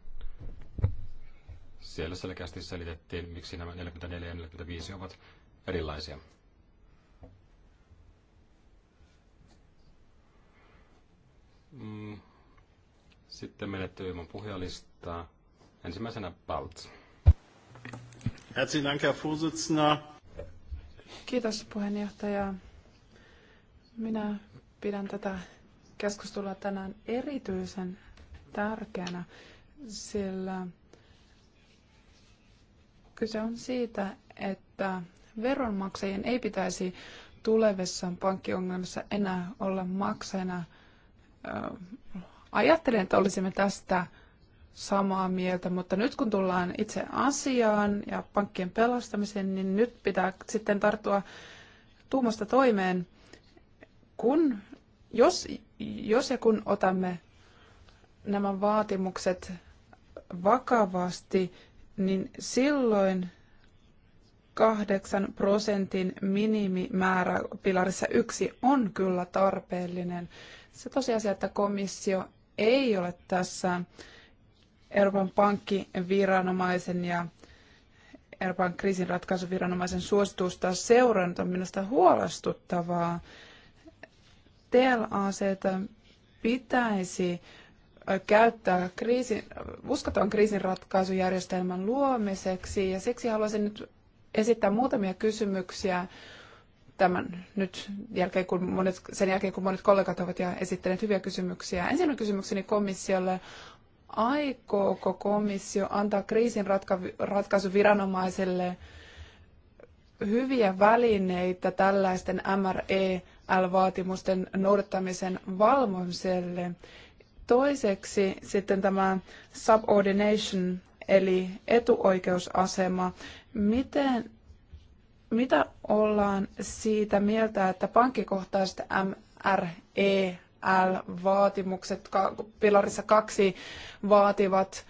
Siellä selkeästi selitettiin, miksi nämä 44 ja 45 ovat erilaisia. Mm. Sitten menettely ilman puhujalistaa. Ensimmäisenä Balt. Herzlichen Dank, Herr Vorsitzender. Kiitos puheenjohtaja. Minä pidän tätä keskustelua tänään erityisen tärkeänä, sillä kyse on siitä, että veronmaksajien ei pitäisi tulevissa pankkiongelmissa enää olla maksajana. Ajattelen, että olisimme tästä samaa mieltä, mutta nyt kun tullaan itse asiaan ja pankkien pelastamiseen, niin nyt pitää sitten tarttua tuumasta toimeen. Kun, jos jos ja kun otamme nämä vaatimukset vakavasti, niin silloin kahdeksan prosentin minimimäärä pilarissa yksi on kyllä tarpeellinen. Se tosiasia, että komissio ei ole tässä Euroopan pankkiviranomaisen ja Euroopan kriisinratkaisuviranomaisen suositusta seurannut, on minusta huolestuttavaa. TLACtä pitäisi käyttää kriisin, uskottavan kriisinratkaisujärjestelmän luomiseksi ja siksi haluaisin nyt esittää muutamia kysymyksiä tämän nyt jälkeen, kun monet, sen jälkeen, kun monet kollegat ovat ja esittäneet hyviä kysymyksiä. Ensimmäinen kysymykseni komissiolle. Aikooko komissio antaa kriisin ratka- ratkaisuviranomaiselle hyviä välineitä tällaisten MRE ML-vaatimusten noudattamisen valvomiselle. Toiseksi sitten tämä subordination eli etuoikeusasema. Miten, mitä ollaan siitä mieltä, että pankkikohtaiset MREL-vaatimukset pilarissa kaksi vaativat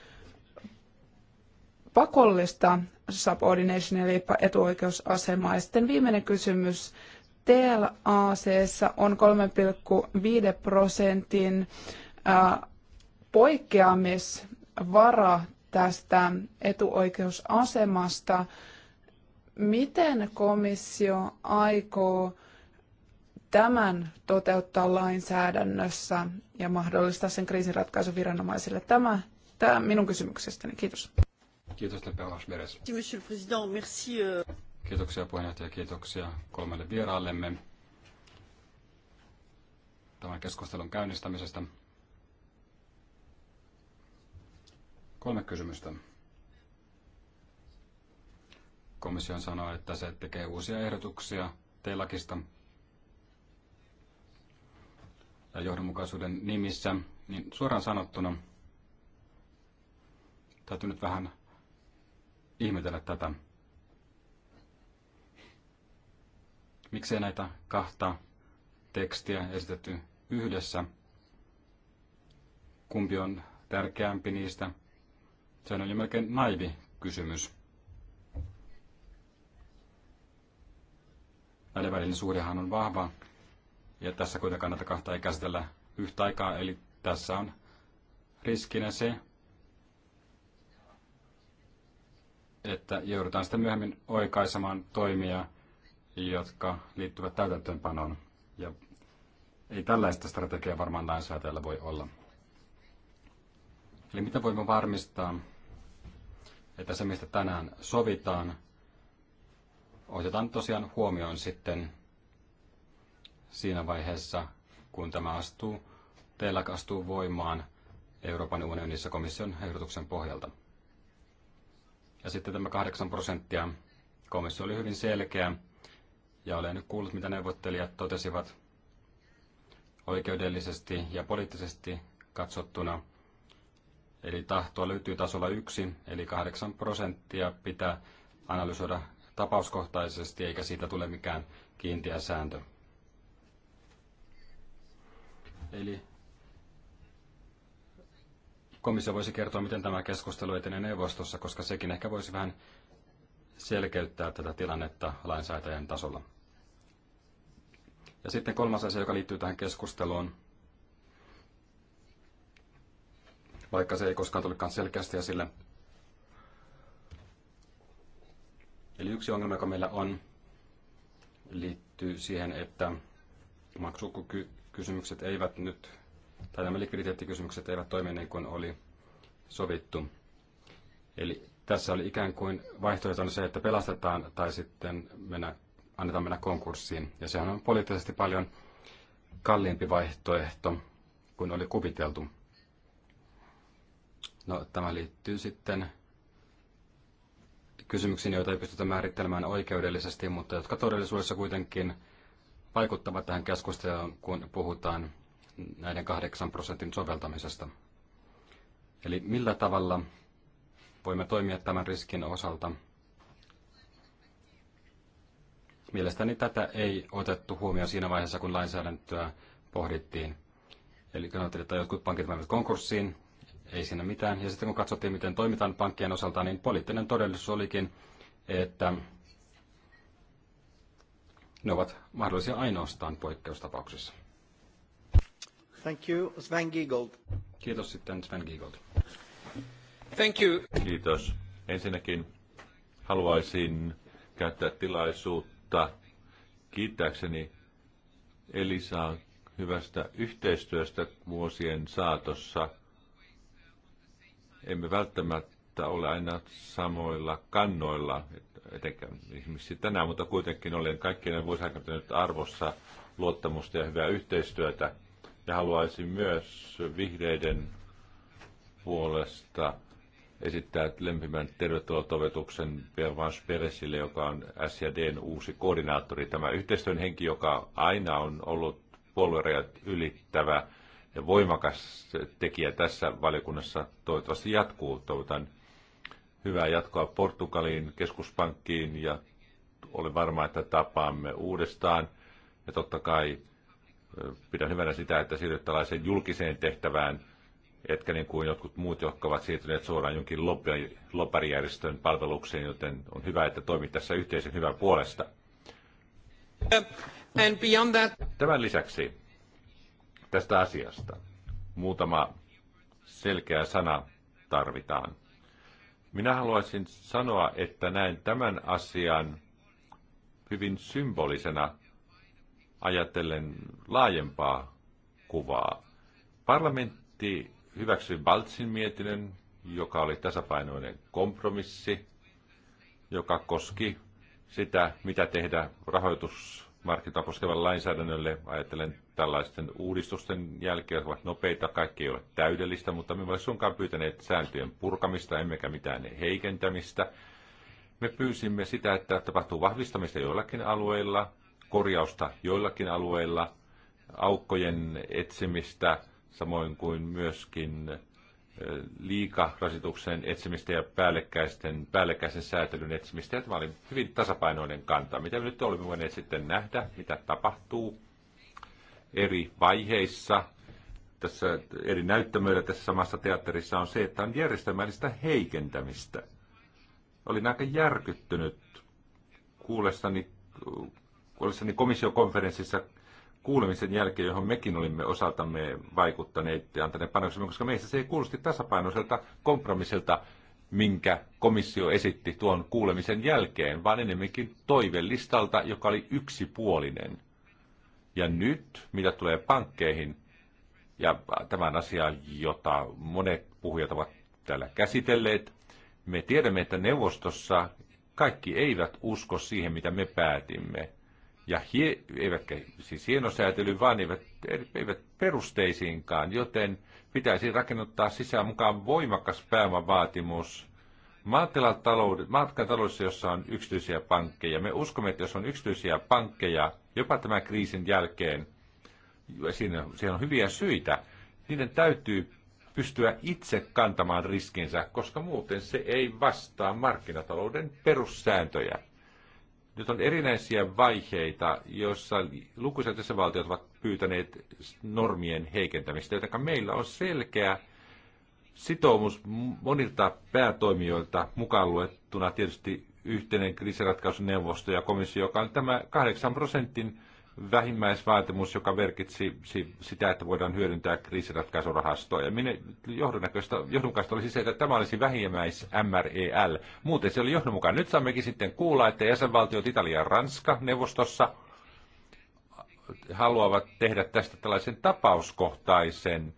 pakollista subordination eli etuoikeusasemaa. Ja sitten viimeinen kysymys TLAC:ssa on 3,5 prosentin poikkeamisvara tästä etuoikeusasemasta. Miten komissio aikoo tämän toteuttaa lainsäädännössä ja mahdollistaa sen kriisinratkaisuviranomaisille? Tämä, tämä minun kysymyksestäni. Kiitos. Kiitos, Lepelas Meres. Kiitoksia puheenjohtaja, kiitoksia kolmelle vieraallemme tämän keskustelun käynnistämisestä. Kolme kysymystä. Komissio sanoo, että se tekee uusia ehdotuksia telakista ja johdonmukaisuuden nimissä, niin suoraan sanottuna täytyy nyt vähän ihmetellä tätä. miksei näitä kahta tekstiä esitetty yhdessä. Kumpi on tärkeämpi niistä? Se on jo melkein naivi kysymys. Näiden välinen suhdehan on vahva, ja tässä kuitenkaan näitä kahta ei käsitellä yhtä aikaa, eli tässä on riskinä se, että joudutaan sitten myöhemmin oikaisemaan toimia, jotka liittyvät täytäntöönpanoon. Ja ei tällaista strategiaa varmaan lainsäätäjällä voi olla. Eli miten voimme varmistaa, että se mistä tänään sovitaan, otetaan tosiaan huomioon sitten siinä vaiheessa, kun tämä astuu, teillä astuu voimaan Euroopan unionissa komission ehdotuksen pohjalta. Ja sitten tämä 8 prosenttia. Komissio oli hyvin selkeä ja olen nyt kuullut, mitä neuvottelijat totesivat oikeudellisesti ja poliittisesti katsottuna. Eli tahtoa löytyy tasolla yksi, eli kahdeksan prosenttia pitää analysoida tapauskohtaisesti, eikä siitä tule mikään kiintiä sääntö. Eli komissio voisi kertoa, miten tämä keskustelu etenee neuvostossa, koska sekin ehkä voisi vähän selkeyttää tätä tilannetta lainsäätäjän tasolla. Ja sitten kolmas asia, joka liittyy tähän keskusteluun, vaikka se ei koskaan tullutkaan selkeästi esille. Eli yksi ongelma, joka meillä on, liittyy siihen, että maksukykykysymykset eivät nyt, tai nämä likviditeettikysymykset eivät toimi niin kuin oli sovittu. Eli tässä oli ikään kuin on se, että pelastetaan tai sitten mennä annetaan mennä konkurssiin. Ja sehän on poliittisesti paljon kalliimpi vaihtoehto kuin oli kuviteltu. No, tämä liittyy sitten kysymyksiin, joita ei pystytä määrittelemään oikeudellisesti, mutta jotka todellisuudessa kuitenkin vaikuttavat tähän keskusteluun, kun puhutaan näiden kahdeksan prosentin soveltamisesta. Eli millä tavalla voimme toimia tämän riskin osalta – Mielestäni tätä ei otettu huomioon siinä vaiheessa, kun lainsäädäntöä pohdittiin. Eli sanottiin, että jotkut pankit menevät konkurssiin, ei siinä mitään. Ja sitten kun katsottiin, miten toimitaan pankkien osalta, niin poliittinen todellisuus olikin, että ne ovat mahdollisia ainoastaan poikkeustapauksissa. Thank you, Sven Giegold. Kiitos sitten Sven Giegold. Thank you. Kiitos. Ensinnäkin haluaisin käyttää tilaisuutta mutta kiittääkseni Elisaa hyvästä yhteistyöstä vuosien saatossa. Emme välttämättä ole aina samoilla kannoilla, etenkään ihmisiä. tänään, mutta kuitenkin olen kaikkien vuosien nyt arvossa luottamusta ja hyvää yhteistyötä. Ja haluaisin myös vihreiden puolesta esittää lempimän tervetulotovetuksen Pervans Peresille, joka on SJDn uusi koordinaattori. Tämä yhteistyön henki, joka aina on ollut puoluerajat ylittävä ja voimakas tekijä tässä valiokunnassa, toivottavasti jatkuu. Toivotan hyvää jatkoa Portugaliin, keskuspankkiin ja olen varma, että tapaamme uudestaan. Ja totta kai pidän hyvänä sitä, että siirryt tällaiseen julkiseen tehtävään – etkä niin kuin jotkut muut, jotka ovat siirtyneet suoraan jonkin lobbarijärjestön palvelukseen, joten on hyvä, että toimit tässä yhteisen hyvän puolesta. Uh, and that... Tämän lisäksi tästä asiasta muutama selkeä sana tarvitaan. Minä haluaisin sanoa, että näen tämän asian hyvin symbolisena ajatellen laajempaa kuvaa. Parlamentti hyväksyin Baltsin mietinnön, joka oli tasapainoinen kompromissi, joka koski sitä, mitä tehdä rahoitusmarkkinoita koskevan lainsäädännölle. Ajattelen tällaisten uudistusten jälkeen, jotka ovat nopeita, kaikki ei ole täydellistä, mutta me olemme sunkaan pyytäneet sääntöjen purkamista, emmekä mitään heikentämistä. Me pyysimme sitä, että tapahtuu vahvistamista joillakin alueilla, korjausta joillakin alueilla, aukkojen etsimistä – samoin kuin myöskin eh, liikarasituksen etsimistä ja päällekkäisten, päällekkäisen säätelyn etsimistä. Ja tämä oli hyvin tasapainoinen kanta. Mitä me nyt olemme voineet sitten nähdä, mitä tapahtuu eri vaiheissa tässä eri näyttämöillä tässä samassa teatterissa on se, että on järjestelmällistä heikentämistä. Olin aika järkyttynyt kuullessani, kuullessani komissiokonferenssissa kuulemisen jälkeen, johon mekin olimme osaltamme vaikuttaneet ja antaneet panoksemme, koska meistä se ei kuulosti tasapainoiselta kompromisselta, minkä komissio esitti tuon kuulemisen jälkeen, vaan enemmänkin toivelistalta, joka oli yksipuolinen. Ja nyt, mitä tulee pankkeihin, ja tämän asian, jota monet puhujat ovat täällä käsitelleet, me tiedämme, että neuvostossa kaikki eivät usko siihen, mitä me päätimme ja hie, eivätkä siis hienosäätelyyn, vaan eivät, eivät perusteisiinkaan, joten pitäisi rakennuttaa sisään mukaan voimakas pääomavaatimus matkataloudessa, jossa on yksityisiä pankkeja. Me uskomme, että jos on yksityisiä pankkeja, jopa tämän kriisin jälkeen, siinä, siinä on hyviä syitä, niiden täytyy pystyä itse kantamaan riskinsä, koska muuten se ei vastaa markkinatalouden perussääntöjä. Nyt on erinäisiä vaiheita, joissa lukuisat jäsenvaltiot ovat pyytäneet normien heikentämistä, joten meillä on selkeä sitoumus monilta päätoimijoilta mukaan luettuna tietysti yhteinen kriisiratkaisuneuvosto ja komissio, joka on tämä 8 prosentin vähimmäisvaatimus, joka merkitsi sitä, että voidaan hyödyntää kriisiratkaisurahastoa. Ja minne johdonmukaista olisi se, että tämä olisi vähimmäis MREL. Muuten se oli johdonmukaan. Nyt saammekin sitten kuulla, että jäsenvaltiot Italia ja Ranska neuvostossa haluavat tehdä tästä tällaisen tapauskohtaisen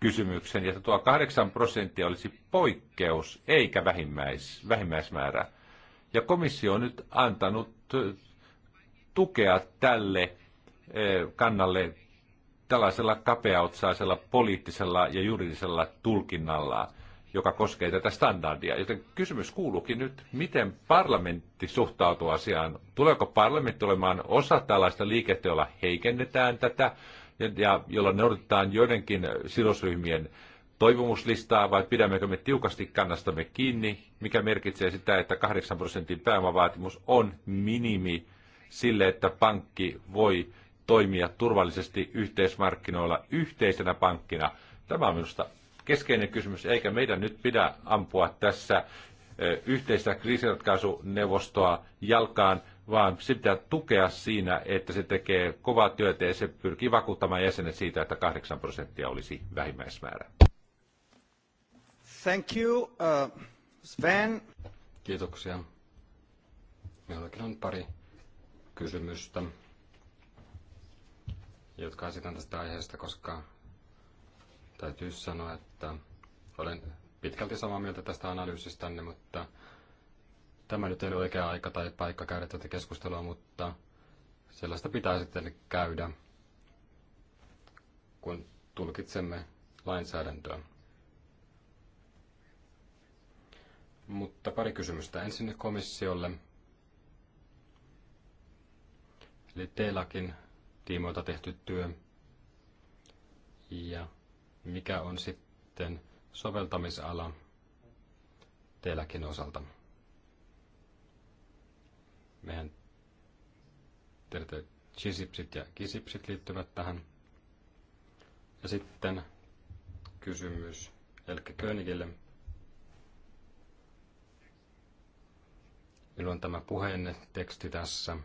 kysymyksen, ja tuo 8 prosenttia olisi poikkeus eikä vähimmäis, vähimmäismäärä. Ja komissio on nyt antanut tukea tälle eh, kannalle tällaisella kapeaotsaisella poliittisella ja juridisella tulkinnalla, joka koskee tätä standardia. Joten kysymys kuuluukin nyt, miten parlamentti suhtautuu asiaan. Tuleeko parlamentti olemaan osa tällaista liikettä, jolla heikennetään tätä ja jolla noudatetaan joidenkin sidosryhmien toivomuslistaa vai pidämmekö me tiukasti kannastamme kiinni, mikä merkitsee sitä, että 8 prosentin pääomavaatimus on minimi sille, että pankki voi toimia turvallisesti yhteismarkkinoilla yhteisenä pankkina. Tämä on minusta keskeinen kysymys, eikä meidän nyt pidä ampua tässä yhteistä kriisiratkaisuneuvostoa jalkaan, vaan se pitää tukea siinä, että se tekee kovaa työtä ja se pyrkii vakuuttamaan jäsenet siitä, että 8 prosenttia olisi vähimmäismäärä. Thank you, uh, Sven. Kiitoksia. Meilläkin on pari kysymystä, jotka esitän tästä aiheesta, koska täytyy sanoa, että olen pitkälti samaa mieltä tästä analyysistänne, mutta tämä nyt ei ole oikea aika tai paikka käydä tätä keskustelua, mutta sellaista pitää sitten käydä, kun tulkitsemme lainsäädäntöä. Mutta pari kysymystä ensin komissiolle. eli teilläkin tiimoilta tehty työ. Ja mikä on sitten soveltamisala teilläkin osalta? meidän tiedätte, chisipsit ja kisipsit liittyvät tähän. Ja sitten kysymys Elke Königille. Minulla on tämä puheenne teksti tässä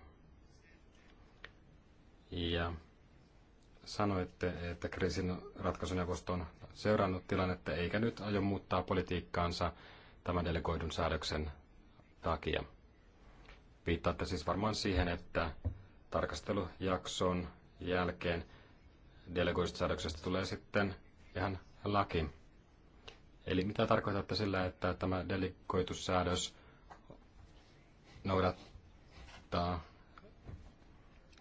ja sanoitte, että kriisin ratkaisuneuvosto on seurannut tilannetta eikä nyt aio muuttaa politiikkaansa tämän delegoidun säädöksen takia. Viittaatte siis varmaan siihen, että tarkastelujakson jälkeen delegoidusta säädöksestä tulee sitten ihan laki. Eli mitä tarkoitatte sillä, että tämä delegoitussäädös noudattaa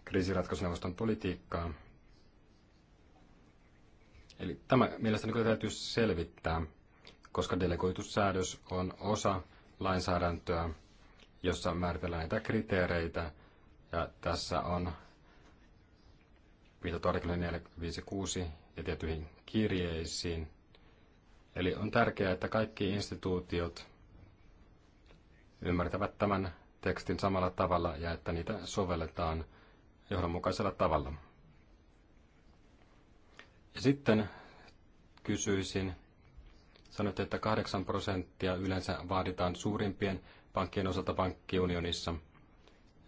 kriisiratkaisuneuvoston politiikkaa. Eli tämä mielestäni kyllä täytyy selvittää, koska delegoitussäädös on osa lainsäädäntöä, jossa määritellään näitä kriteereitä, ja tässä on viitattu artikloihin 456 ja tiettyihin kirjeisiin. Eli on tärkeää, että kaikki instituutiot ymmärtävät tämän tekstin samalla tavalla ja että niitä sovelletaan – johdonmukaisella tavalla. Ja sitten kysyisin, sanoitte, että 8 prosenttia yleensä vaaditaan suurimpien pankkien osalta pankkiunionissa.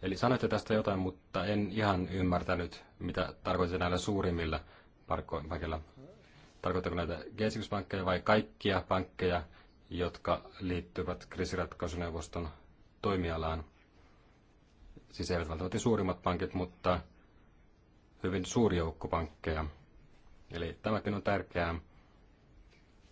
Eli sanoitte tästä jotain, mutta en ihan ymmärtänyt, mitä tarkoitetaan näillä suurimmilla pankkeilla. Tarkoitteko näitä g vai kaikkia pankkeja, jotka liittyvät kriisiratkaisuneuvoston toimialaan? siis eivät välttämättä suurimmat pankit, mutta hyvin suuri joukko pankkeja. Eli tämäkin on tärkeää,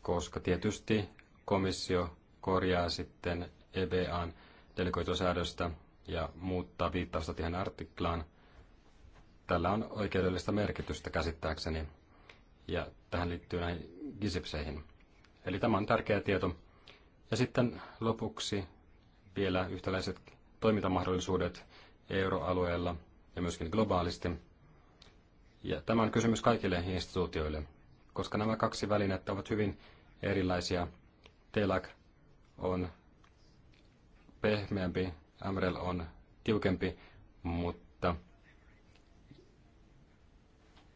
koska tietysti komissio korjaa sitten EBAn delegoitosäädöstä ja muuttaa viittausta tähän artiklaan. Tällä on oikeudellista merkitystä käsittääkseni, ja tähän liittyy näihin gisipseihin. Eli tämä on tärkeä tieto. Ja sitten lopuksi vielä yhtäläiset toimintamahdollisuudet euroalueella ja myöskin globaalisti. Ja tämä on kysymys kaikille instituutioille, koska nämä kaksi välinettä ovat hyvin erilaisia. TELAC on pehmeämpi, MREL on tiukempi, mutta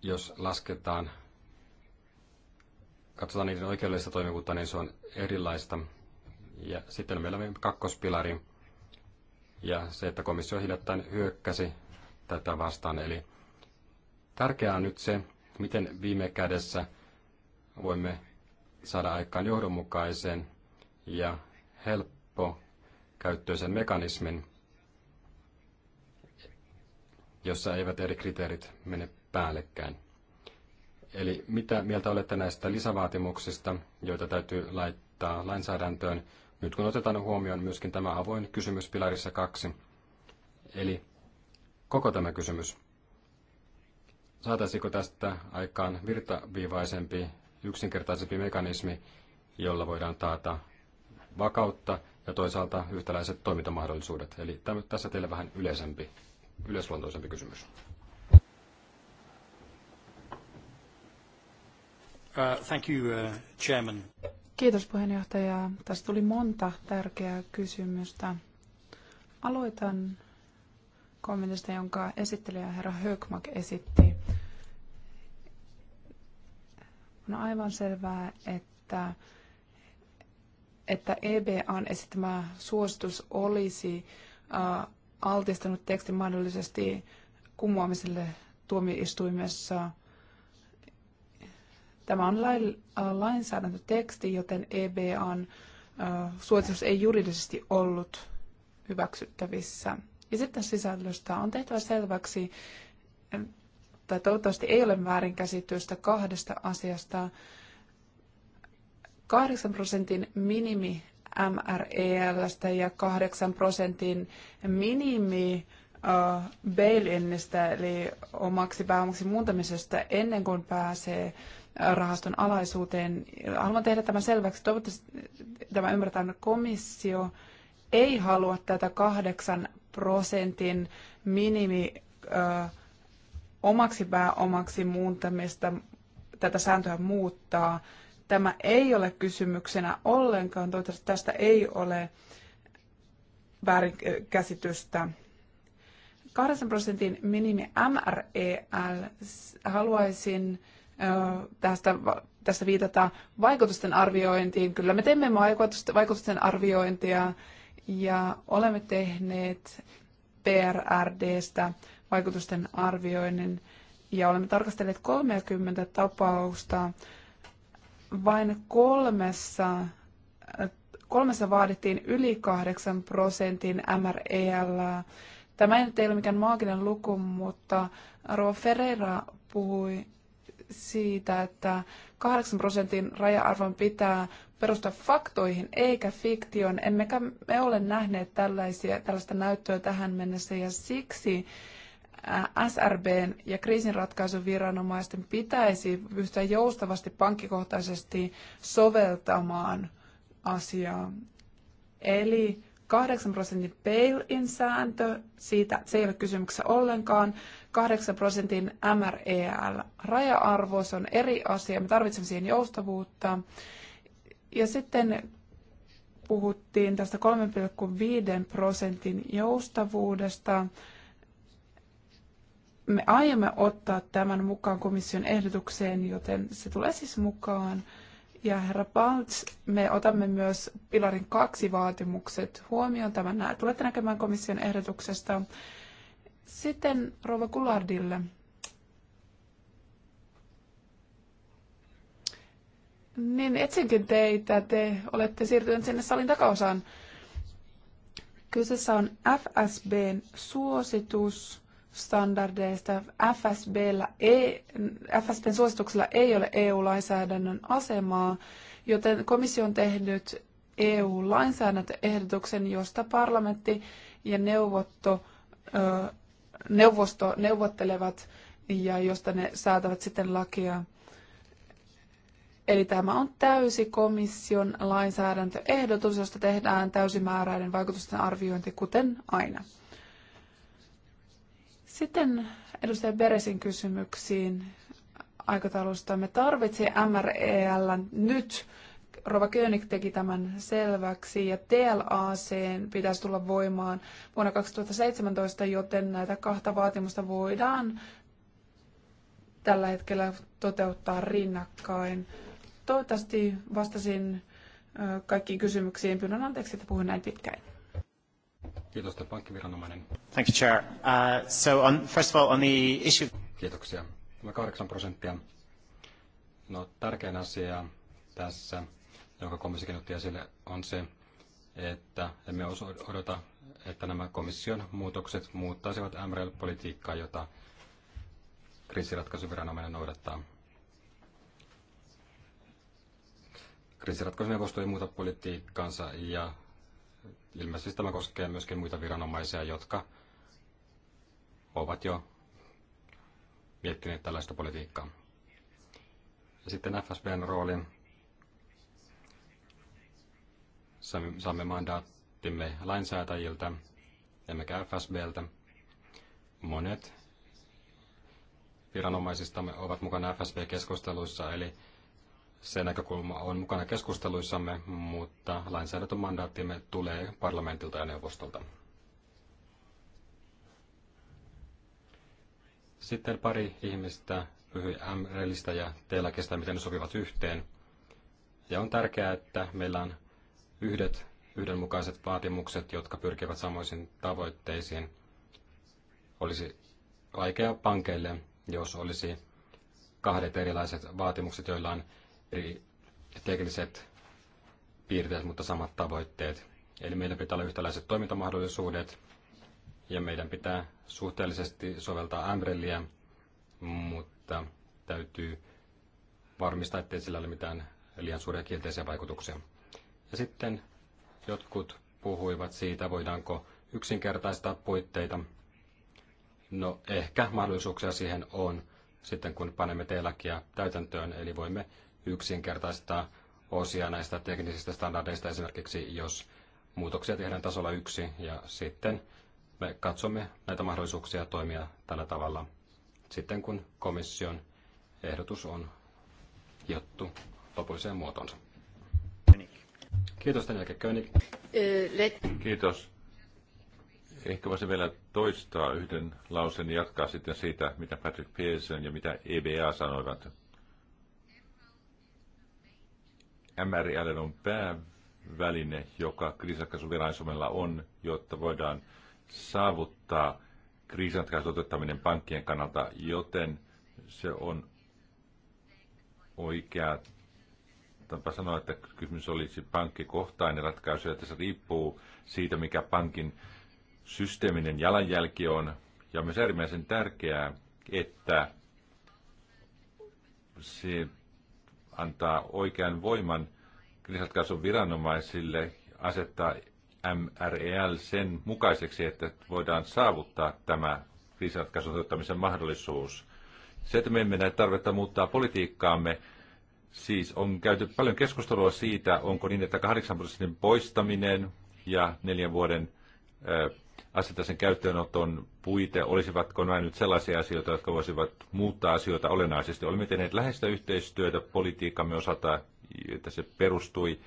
jos lasketaan, katsotaan niiden oikeudellista toimivuutta, niin se on erilaista. Ja sitten meillä on kakkospilari, ja se, että komissio hiljattain hyökkäsi tätä vastaan. Eli tärkeää on nyt se, miten viime kädessä voimme saada aikaan johdonmukaisen ja helppo käyttöisen mekanismin, jossa eivät eri kriteerit mene päällekkäin. Eli mitä mieltä olette näistä lisävaatimuksista, joita täytyy laittaa lainsäädäntöön, nyt kun otetaan huomioon myöskin tämä avoin kysymys pilarissa kaksi, eli koko tämä kysymys, saataisiko tästä aikaan virtaviivaisempi, yksinkertaisempi mekanismi, jolla voidaan taata vakautta ja toisaalta yhtäläiset toimintamahdollisuudet. Eli tämä tässä teille vähän yleisempi, yleisluontoisempi kysymys. Uh, thank you, uh, Chairman. Kiitos puheenjohtaja. Tässä tuli monta tärkeää kysymystä. Aloitan kommentista, jonka esittelijä herra Högmark esitti. On aivan selvää, että, että EBAn esittämä suositus olisi altistanut tekstin mahdollisesti kumoamiselle tuomioistuimessa. Tämä on äh, lainsäädäntöteksti, joten EBAn äh, suositus ei juridisesti ollut hyväksyttävissä. Ja sitten sisällöstä on tehtävä selväksi, äh, tai toivottavasti ei ole väärinkäsitystä kahdesta asiasta. 8 prosentin minimi MRELstä ja 8 prosentin minimi bail-innistä, eli omaksi pääomaksi muuntamisesta ennen kuin pääsee rahaston alaisuuteen. Haluan tehdä tämän selväksi. Toivottavasti tämä ymmärtää että komissio ei halua tätä kahdeksan prosentin minimi ö, omaksi pääomaksi muuntamista, tätä sääntöä muuttaa. Tämä ei ole kysymyksenä ollenkaan, toivottavasti tästä ei ole väärinkäsitystä. kahdeksan prosentin minimi MREL haluaisin tästä, tässä viitataan vaikutusten arviointiin. Kyllä me teemme vaikutusten arviointia ja olemme tehneet PRRDstä vaikutusten arvioinnin ja olemme tarkastelleet 30 tapausta. Vain kolmessa, kolmessa vaadittiin yli 8 prosentin MREL. Tämä ei nyt ei ole mikään maaginen luku, mutta Rova Ferreira puhui siitä, että 8 prosentin raja-arvon pitää perustua faktoihin eikä fiktion. Emmekä me ole nähneet tällaisia, tällaista näyttöä tähän mennessä ja siksi SRBn ja kriisinratkaisuviranomaisten pitäisi pystyä joustavasti pankkikohtaisesti soveltamaan asiaa. Eli 8 prosentin bail-in-sääntö, siitä se ei ole kysymyksessä ollenkaan. 8 prosentin MREL-raja-arvo, se on eri asia, me tarvitsemme siihen joustavuutta. Ja sitten puhuttiin tästä 3,5 prosentin joustavuudesta. Me aiomme ottaa tämän mukaan komission ehdotukseen, joten se tulee siis mukaan. Ja herra Baltz, me otamme myös pilarin kaksi vaatimukset huomioon. Tämän tulette näkemään komission ehdotuksesta. Sitten rouva Kulardille. Niin, etsinkin teitä. Te olette siirtyneet sinne salin takaosaan. Kyseessä on FSBn suositus standardeista. FSBllä ei, FSBn suosituksella ei ole EU-lainsäädännön asemaa, joten komissio on tehnyt EU-lainsäädäntöehdotuksen, josta parlamentti ja neuvotto, neuvosto neuvottelevat ja josta ne säätävät sitten lakia. Eli tämä on täysi komission lainsäädäntöehdotus, josta tehdään täysimääräinen vaikutusten arviointi, kuten aina. Sitten edustaja Beresin kysymyksiin aikataulusta. Me tarvitsemme MREL nyt. Rova König teki tämän selväksi ja TLAC pitäisi tulla voimaan vuonna 2017, joten näitä kahta vaatimusta voidaan tällä hetkellä toteuttaa rinnakkain. Toivottavasti vastasin kaikkiin kysymyksiin. Pyydän anteeksi, että puhuin näin pitkään. Kiitos, pankkiviranomainen. Thank you, Chair. Uh, so on, first of all, on the issue... Kiitoksia. Tämä 8 prosenttia. No, tärkein asia tässä, jonka komissiokin otti esille, on se, että emme odota, että nämä komission muutokset muuttaisivat mrl politiikkaa jota kriisiratkaisuviranomainen noudattaa. Kriisiratkaisuneuvosto ei muuta politiikkaansa ja ilmeisesti tämä koskee myöskin muita viranomaisia, jotka ovat jo miettineet tällaista politiikkaa. Ja sitten FSBn roolin. Saamme mandaattimme lainsäätäjiltä, emmekä FSBltä. Monet viranomaisistamme ovat mukana FSB-keskusteluissa, eli se näkökulma on mukana keskusteluissamme, mutta lainsäädäntömandaattimme tulee parlamentilta ja neuvostolta. Sitten pari ihmistä pyhyi MRListä ja teillä kestää miten ne sopivat yhteen. Ja on tärkeää, että meillä on yhdet yhdenmukaiset vaatimukset, jotka pyrkivät samoisiin tavoitteisiin. Olisi vaikea pankeille, jos olisi kahdet erilaiset vaatimukset, joilla on eri tekniset piirteet, mutta samat tavoitteet. Eli meillä pitää olla yhtäläiset toimintamahdollisuudet ja meidän pitää suhteellisesti soveltaa Ambrellia, mutta täytyy varmistaa, ettei sillä ole mitään liian suuria kielteisiä vaikutuksia. Ja sitten jotkut puhuivat siitä, voidaanko yksinkertaistaa puitteita. No ehkä mahdollisuuksia siihen on sitten, kun panemme teelakia täytäntöön, eli voimme yksinkertaistaa osia näistä teknisistä standardeista, esimerkiksi jos muutoksia tehdään tasolla yksi ja sitten me katsomme näitä mahdollisuuksia toimia tällä tavalla sitten, kun komission ehdotus on jottu, lopulliseen muotoonsa. Kiitos, Daniel König. Kiitos. Ehkä voisin vielä toistaa yhden lauseen ja jatkaa sitten siitä, mitä Patrick Pearson ja mitä EBA sanoivat. MRL on pääväline, joka kriisinratkaisuviranomaisella on, jotta voidaan saavuttaa kriisinratkaisun toteuttaminen pankkien kannalta, joten se on oikea Tämä sanoa, että kysymys olisi pankkikohtainen ratkaisu, että se riippuu siitä, mikä pankin systeeminen jalanjälki on. Ja myös äärimmäisen tärkeää, että se antaa oikean voiman kriisiratkaisun viranomaisille asettaa MREL sen mukaiseksi, että voidaan saavuttaa tämä kriisiratkaisun toteuttamisen mahdollisuus. Se, että me emme näe tarvetta muuttaa politiikkaamme, siis on käyty paljon keskustelua siitä, onko niin, että 8 prosentin poistaminen ja neljän vuoden sen käyttöönoton puite, olisivatko nämä nyt sellaisia asioita, jotka voisivat muuttaa asioita olennaisesti. Olemme tehneet läheistä yhteistyötä politiikkamme osalta, että se perustui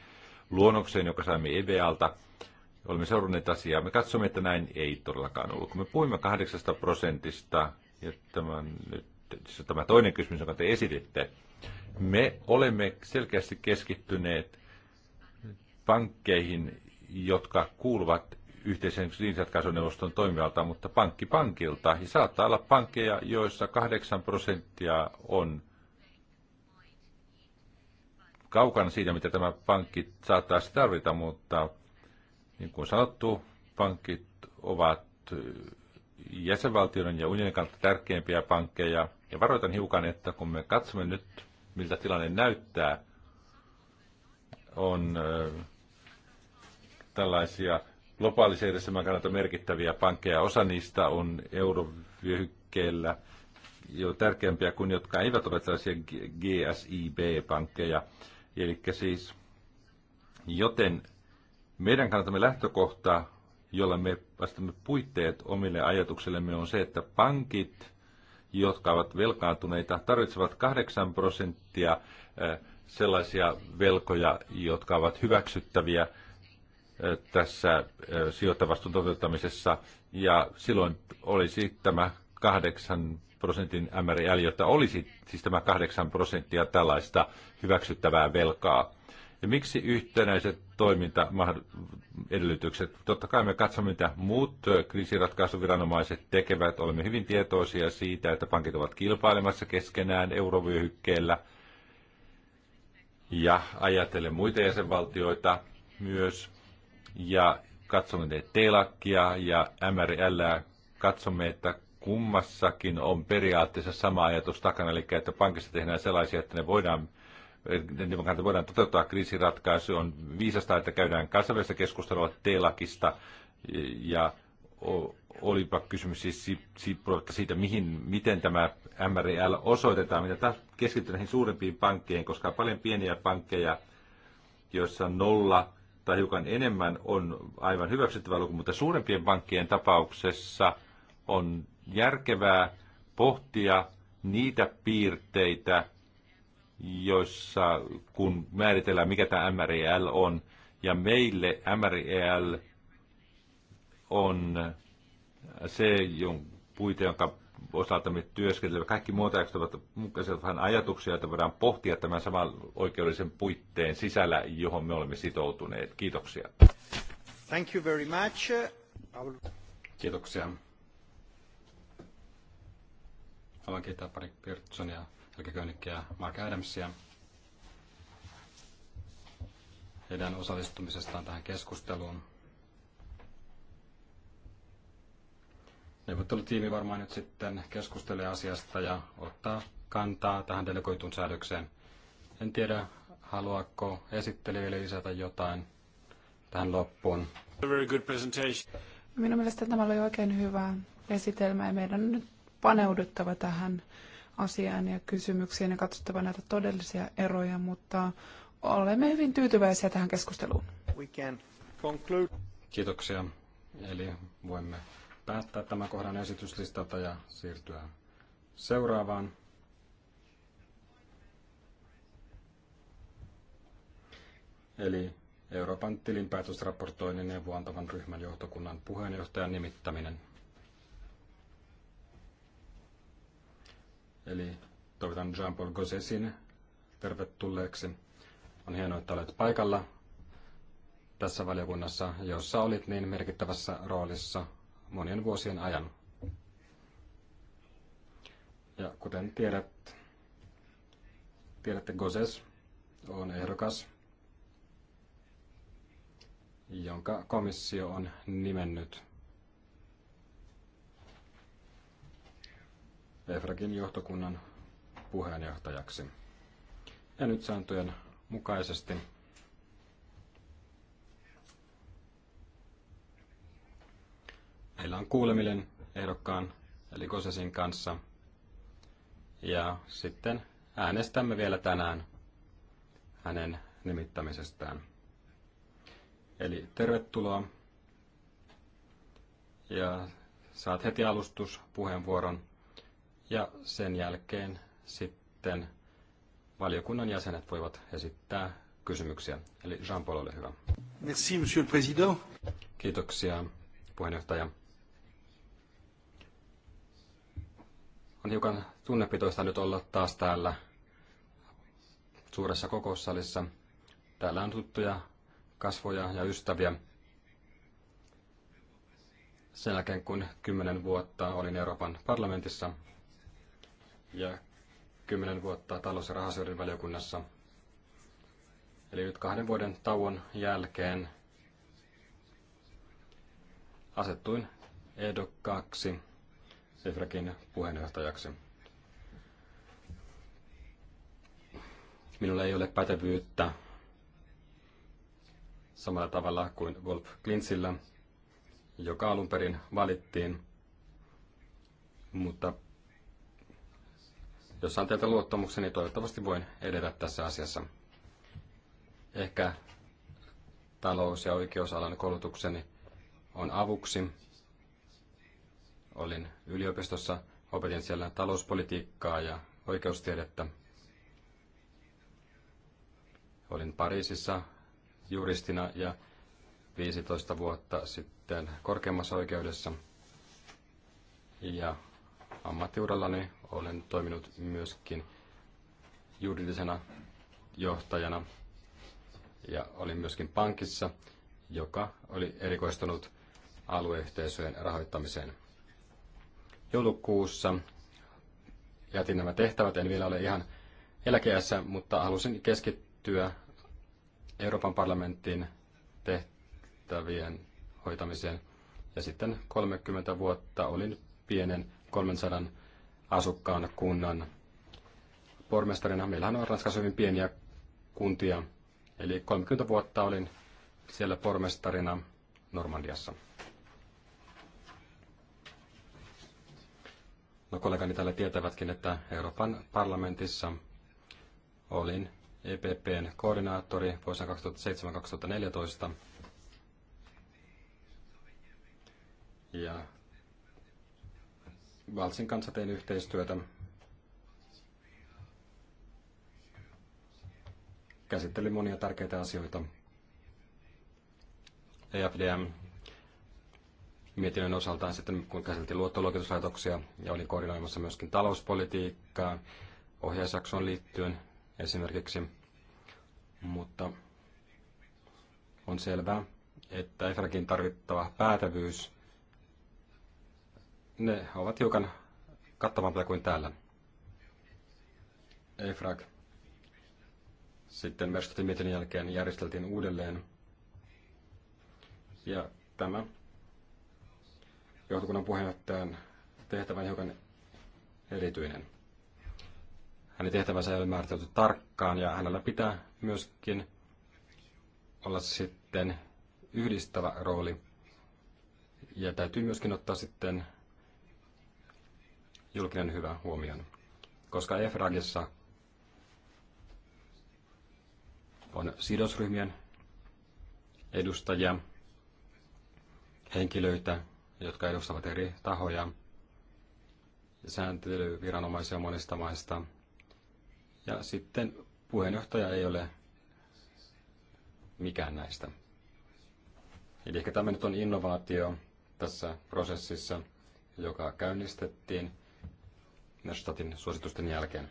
luonnokseen, joka saimme EVAlta. Olemme seuranneet asiaa. Me katsomme, että näin ei todellakaan ollut. Kun me puhuimme kahdeksasta prosentista, ja tämä, nyt, siis tämä toinen kysymys, jonka te esititte, me olemme selkeästi keskittyneet pankkeihin, jotka kuuluvat yhteisen ratkaisuneuvoston toimivalta, mutta pankki pankilta. Ja saattaa olla pankkeja, joissa 8 prosenttia on kaukana siitä, mitä tämä pankki saattaisi tarvita, mutta niin kuin sanottu, pankit ovat jäsenvaltioiden ja unionin kannalta tärkeimpiä pankkeja. Ja varoitan hiukan, että kun me katsomme nyt, miltä tilanne näyttää, on tällaisia globaalisen järjestelmän kannalta merkittäviä pankkeja. Osa niistä on eurovyöhykkeellä jo tärkeämpiä kuin jotka eivät ole tällaisia GSIB-pankkeja. Eli siis, joten meidän kannaltamme lähtökohta, jolla me vastamme puitteet omille ajatuksillemme, on se, että pankit, jotka ovat velkaantuneita, tarvitsevat 8 prosenttia eh, sellaisia velkoja, jotka ovat hyväksyttäviä – tässä sijoittavastun toteuttamisessa, ja silloin olisi tämä kahdeksan prosentin MRL, jotta olisi siis tämä kahdeksan prosenttia tällaista hyväksyttävää velkaa. Ja miksi yhtenäiset toimintaedellytykset? Totta kai me katsomme, mitä muut kriisiratkaisuviranomaiset tekevät. Olemme hyvin tietoisia siitä, että pankit ovat kilpailemassa keskenään eurovyöhykkeellä. Ja ajattelen muita jäsenvaltioita myös ja katsomme telakkia ja MRL, katsomme, että kummassakin on periaatteessa sama ajatus takana, eli että pankissa tehdään sellaisia, että ne voidaan demokratia voidaan toteuttaa kriisiratkaisu. On viisasta, että käydään kansainvälistä keskustelua telakista ja olipa kysymys siis siitä, mihin, miten tämä MRL osoitetaan, mitä taas keskittyy näihin suurempiin pankkeihin, koska on paljon pieniä pankkeja, joissa nolla tai hiukan enemmän on aivan hyväksyttävä luku, mutta suurempien pankkien tapauksessa on järkevää pohtia niitä piirteitä, joissa kun määritellään, mikä tämä MREL on, ja meille MREL on se puite, jonka osalta me työskentelemme. Kaikki muut ovat vähän ajatuksia, että voidaan pohtia tämän saman oikeudellisen puitteen sisällä, johon me olemme sitoutuneet. Kiitoksia. Thank you very much. Kiitoksia. Haluan kiittää pari Pirtsonia, Helge Könikki ja Mark Adamsia heidän osallistumisestaan tähän keskusteluun. Neuvottelutiimi varmaan nyt sitten keskustelee asiasta ja ottaa kantaa tähän delegoitun säädökseen. En tiedä, haluaako esittelijöille lisätä jotain tähän loppuun. Minun mielestäni tämä oli oikein hyvä esitelmä ja meidän on nyt paneuduttava tähän asiaan ja kysymyksiin ja katsottava näitä todellisia eroja, mutta olemme hyvin tyytyväisiä tähän keskusteluun. Kiitoksia. Eli voimme päättää tämän kohdan esityslistalta ja siirtyä seuraavaan. Eli Euroopan tilinpäätösraportoinnin neuvoantavan ryhmän johtokunnan puheenjohtajan nimittäminen. Eli toivotan Jean-Paul Gossesin tervetulleeksi. On hienoa, että olet paikalla tässä valiokunnassa, jossa olit niin merkittävässä roolissa monien vuosien ajan. Ja kuten tiedät, tiedätte, Gozes on ehdokas, jonka komissio on nimennyt EFRAGin johtokunnan puheenjohtajaksi. Ja nyt sääntöjen mukaisesti Meillä on kuuleminen ehdokkaan eli Kosesin kanssa. Ja sitten äänestämme vielä tänään hänen nimittämisestään. Eli tervetuloa. Ja saat heti alustuspuheenvuoron. Ja sen jälkeen sitten valiokunnan jäsenet voivat esittää kysymyksiä. Eli Jean-Paul, ole hyvä. Merci, monsieur le président. Kiitoksia, puheenjohtaja. On hiukan tunnepitoista nyt olla taas täällä suuressa kokoussalissa. Täällä on tuttuja kasvoja ja ystäviä. Sen jälkeen kun kymmenen vuotta olin Euroopan parlamentissa ja kymmenen vuotta talous- ja rahasioiden valiokunnassa. Eli nyt kahden vuoden tauon jälkeen asettuin ehdokkaaksi EFRAKin puheenjohtajaksi. Minulla ei ole pätevyyttä samalla tavalla kuin Wolf Klintzillä, joka alun perin valittiin, mutta jos saan teiltä luottamukseni, niin toivottavasti voin edetä tässä asiassa. Ehkä talous- ja oikeusalan koulutukseni on avuksi olin yliopistossa, opetin siellä talouspolitiikkaa ja oikeustiedettä. Olin Pariisissa juristina ja 15 vuotta sitten korkeimmassa oikeudessa. Ja ammattiurallani olen toiminut myöskin juridisena johtajana ja olin myöskin pankissa, joka oli erikoistunut alueyhteisöjen rahoittamiseen joulukuussa jätin nämä tehtävät. En vielä ole ihan eläkeässä, mutta halusin keskittyä Euroopan parlamentin tehtävien hoitamiseen. Ja sitten 30 vuotta olin pienen 300 asukkaan kunnan pormestarina. Meillähän on Ranskassa hyvin pieniä kuntia, eli 30 vuotta olin siellä pormestarina Normandiassa. No kollegani täällä tietävätkin, että Euroopan parlamentissa olin EPPn koordinaattori vuosina 2007-2014. Ja Valsin kanssa tein yhteistyötä. Käsittelin monia tärkeitä asioita. EFDM mietinnön osaltaan sitten, kun käsiteltiin luottoluokituslaitoksia ja oli koordinoimassa myöskin talouspolitiikkaa ohjausjaksoon liittyen esimerkiksi. Mutta on selvää, että EFRAKin tarvittava päätävyys, ne ovat hiukan kattavampia kuin täällä. EFRAK sitten Merstotin mietinnön jälkeen järjesteltiin uudelleen. Ja tämä johtokunnan puheenjohtajan on hiukan erityinen. Hänen tehtävänsä ei ole määritelty tarkkaan ja hänellä pitää myöskin olla sitten yhdistävä rooli. Ja täytyy myöskin ottaa sitten julkinen hyvä huomioon, koska EFRAGissa on sidosryhmien edustajia, henkilöitä, jotka edustavat eri tahoja, ja sääntelyviranomaisia monista maista. Ja sitten puheenjohtaja ei ole mikään näistä. Eli ehkä tämä nyt on innovaatio tässä prosessissa, joka käynnistettiin Nerstatin suositusten jälkeen.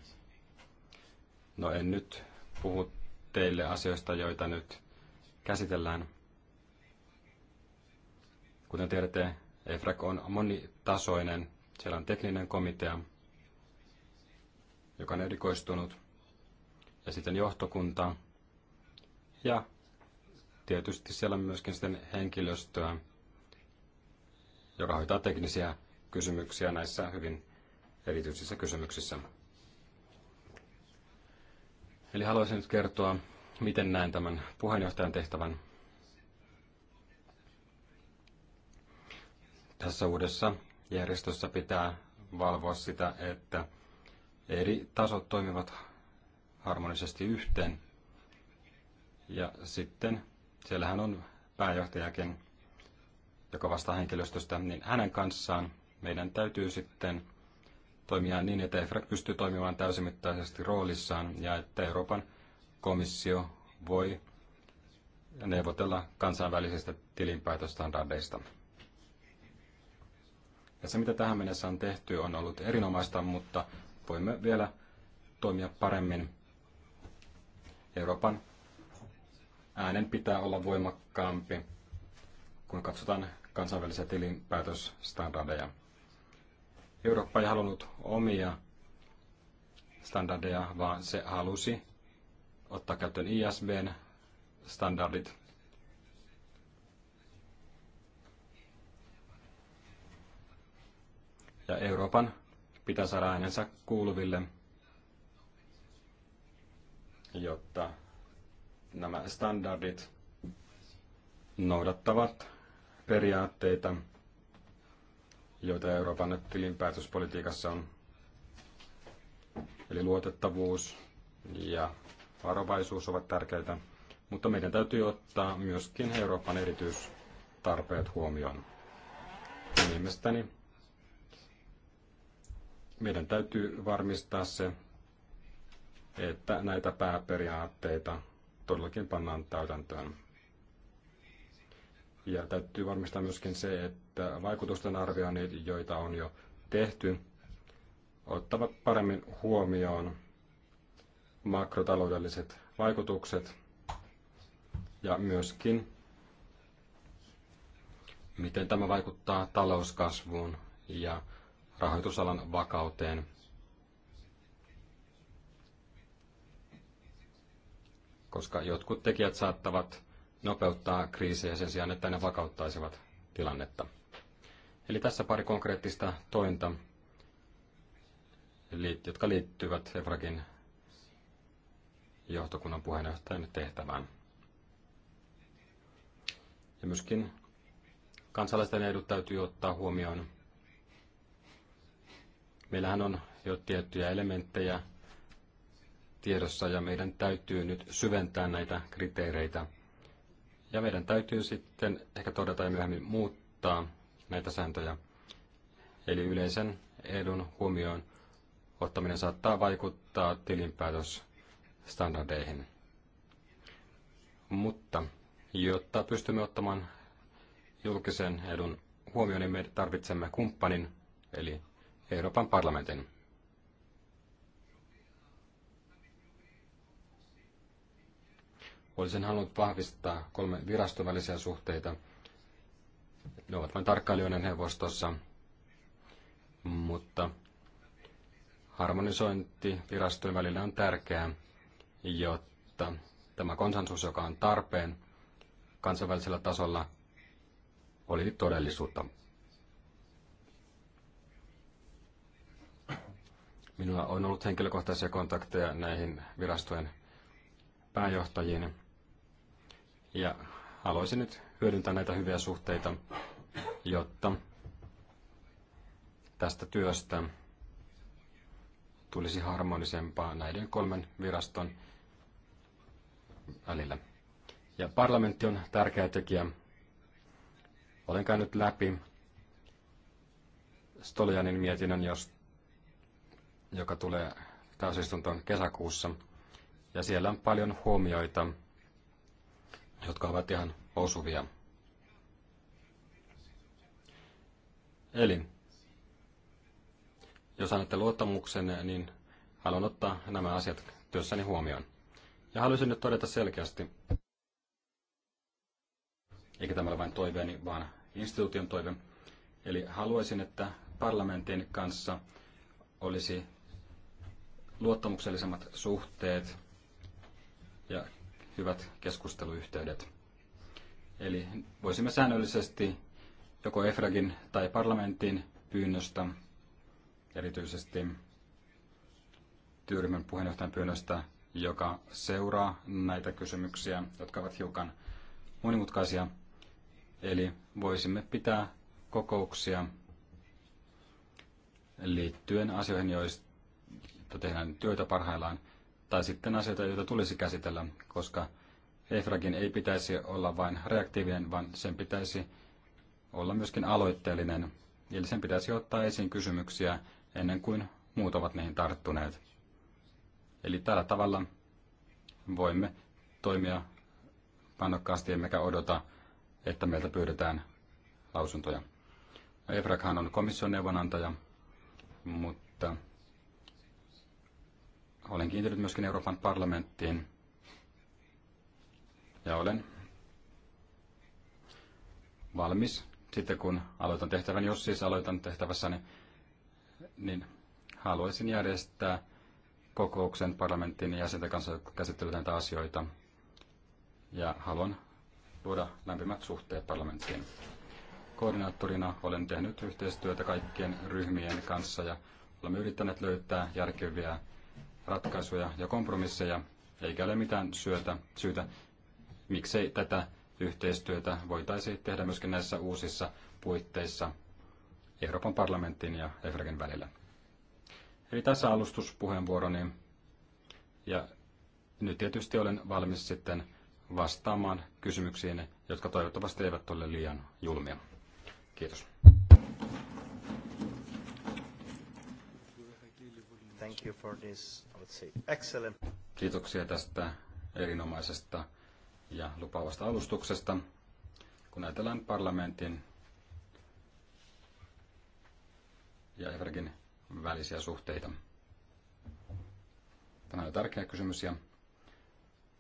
No en nyt puhu teille asioista, joita nyt käsitellään. Kuten tiedätte, EFRAC on monitasoinen. Siellä on tekninen komitea, joka on erikoistunut, ja sitten johtokunta, ja tietysti siellä on myöskin sitten henkilöstöä, joka hoitaa teknisiä kysymyksiä näissä hyvin erityisissä kysymyksissä. Eli haluaisin nyt kertoa, miten näen tämän puheenjohtajan tehtävän. Tässä uudessa järjestössä pitää valvoa sitä, että eri tasot toimivat harmonisesti yhteen. Ja sitten siellähän on pääjohtajakin, joka vastaa henkilöstöstä, niin hänen kanssaan meidän täytyy sitten toimia niin, että EFRAC pystyy toimimaan täysimittaisesti roolissaan ja että Euroopan komissio voi neuvotella kansainvälisistä tilinpäätöstandardeista. Ja se, mitä tähän mennessä on tehty, on ollut erinomaista, mutta voimme vielä toimia paremmin. Euroopan äänen pitää olla voimakkaampi, kun katsotaan kansainvälisiä tilinpäätösstandardeja. Eurooppa ei halunnut omia standardeja, vaan se halusi ottaa käyttöön ISBn standardit että Euroopan pitää saada äänensä kuuluville, jotta nämä standardit noudattavat periaatteita, joita Euroopan tilinpäätöspolitiikassa on. Eli luotettavuus ja varovaisuus ovat tärkeitä, mutta meidän täytyy ottaa myöskin Euroopan erityistarpeet huomioon. Mielestäni meidän täytyy varmistaa se, että näitä pääperiaatteita todellakin pannaan täytäntöön. Ja täytyy varmistaa myöskin se, että vaikutusten arvioinnit, joita on jo tehty, ottavat paremmin huomioon makrotaloudelliset vaikutukset ja myöskin miten tämä vaikuttaa talouskasvuun ja rahoitusalan vakauteen. Koska jotkut tekijät saattavat nopeuttaa kriisejä sen sijaan, että ne vakauttaisivat tilannetta. Eli tässä pari konkreettista tointa, jotka liittyvät EFRAGin johtokunnan puheenjohtajan tehtävään. Ja myöskin kansalaisten edut täytyy ottaa huomioon Meillähän on jo tiettyjä elementtejä tiedossa ja meidän täytyy nyt syventää näitä kriteereitä. Ja meidän täytyy sitten ehkä todeta ja myöhemmin muuttaa näitä sääntöjä. Eli yleisen edun huomioon ottaminen saattaa vaikuttaa tilinpäätösstandardeihin. Mutta jotta pystymme ottamaan julkisen edun huomioon, niin me tarvitsemme kumppanin, eli Euroopan parlamentin. Olisin halunnut vahvistaa kolme viraston välisiä suhteita. Ne ovat vain tarkkailijoiden hevostossa, mutta harmonisointi virastojen välillä on tärkeää, jotta tämä konsensus, joka on tarpeen kansainvälisellä tasolla, oli todellisuutta. Minulla on ollut henkilökohtaisia kontakteja näihin virastojen pääjohtajiin. Ja haluaisin nyt hyödyntää näitä hyviä suhteita, jotta tästä työstä tulisi harmonisempaa näiden kolmen viraston välillä. Ja parlamentti on tärkeä tekijä. Olen käynyt läpi Stolianin mietinnön, josta joka tulee täysistuntoon kesäkuussa. Ja siellä on paljon huomioita, jotka ovat ihan osuvia. Eli jos annatte luottamuksen, niin haluan ottaa nämä asiat työssäni huomioon. Ja haluaisin nyt todeta selkeästi, eikä tämä ole vain toiveeni, vaan instituution toive. Eli haluaisin, että parlamentin kanssa olisi luottamuksellisemmat suhteet ja hyvät keskusteluyhteydet. Eli voisimme säännöllisesti joko EFRAGin tai parlamentin pyynnöstä, erityisesti työryhmän puheenjohtajan pyynnöstä, joka seuraa näitä kysymyksiä, jotka ovat hiukan monimutkaisia. Eli voisimme pitää kokouksia liittyen asioihin, joista joista tehdään työtä parhaillaan, tai sitten asioita, joita tulisi käsitellä, koska EFRAGin ei pitäisi olla vain reaktiivinen, vaan sen pitäisi olla myöskin aloitteellinen. Eli sen pitäisi ottaa esiin kysymyksiä ennen kuin muut ovat niihin tarttuneet. Eli tällä tavalla voimme toimia pannokkaasti emmekä odota, että meiltä pyydetään lausuntoja. No, EFRAGhan on komission neuvonantaja, mutta olen kiintynyt myöskin Euroopan parlamenttiin ja olen valmis sitten kun aloitan tehtävän, jos siis aloitan tehtävässäni, niin haluaisin järjestää kokouksen parlamentin jäsenten kanssa käsittelemään näitä asioita. Ja haluan luoda lämpimät suhteet parlamenttiin. Koordinaattorina olen tehnyt yhteistyötä kaikkien ryhmien kanssa ja olemme yrittäneet löytää järkeviä ratkaisuja ja kompromisseja, eikä ole mitään syötä, syytä, miksei tätä yhteistyötä voitaisiin tehdä myöskin näissä uusissa puitteissa Euroopan parlamentin ja EFRAGin välillä. Eli tässä alustuspuheenvuoroni. Ja nyt tietysti olen valmis sitten vastaamaan kysymyksiin, jotka toivottavasti eivät ole liian julmia. Kiitos. Thank you for this, excellent. Kiitoksia tästä erinomaisesta ja lupaavasta alustuksesta. Kun ajatellaan parlamentin ja Evergin välisiä suhteita. Tämä on tärkeä kysymys. Ja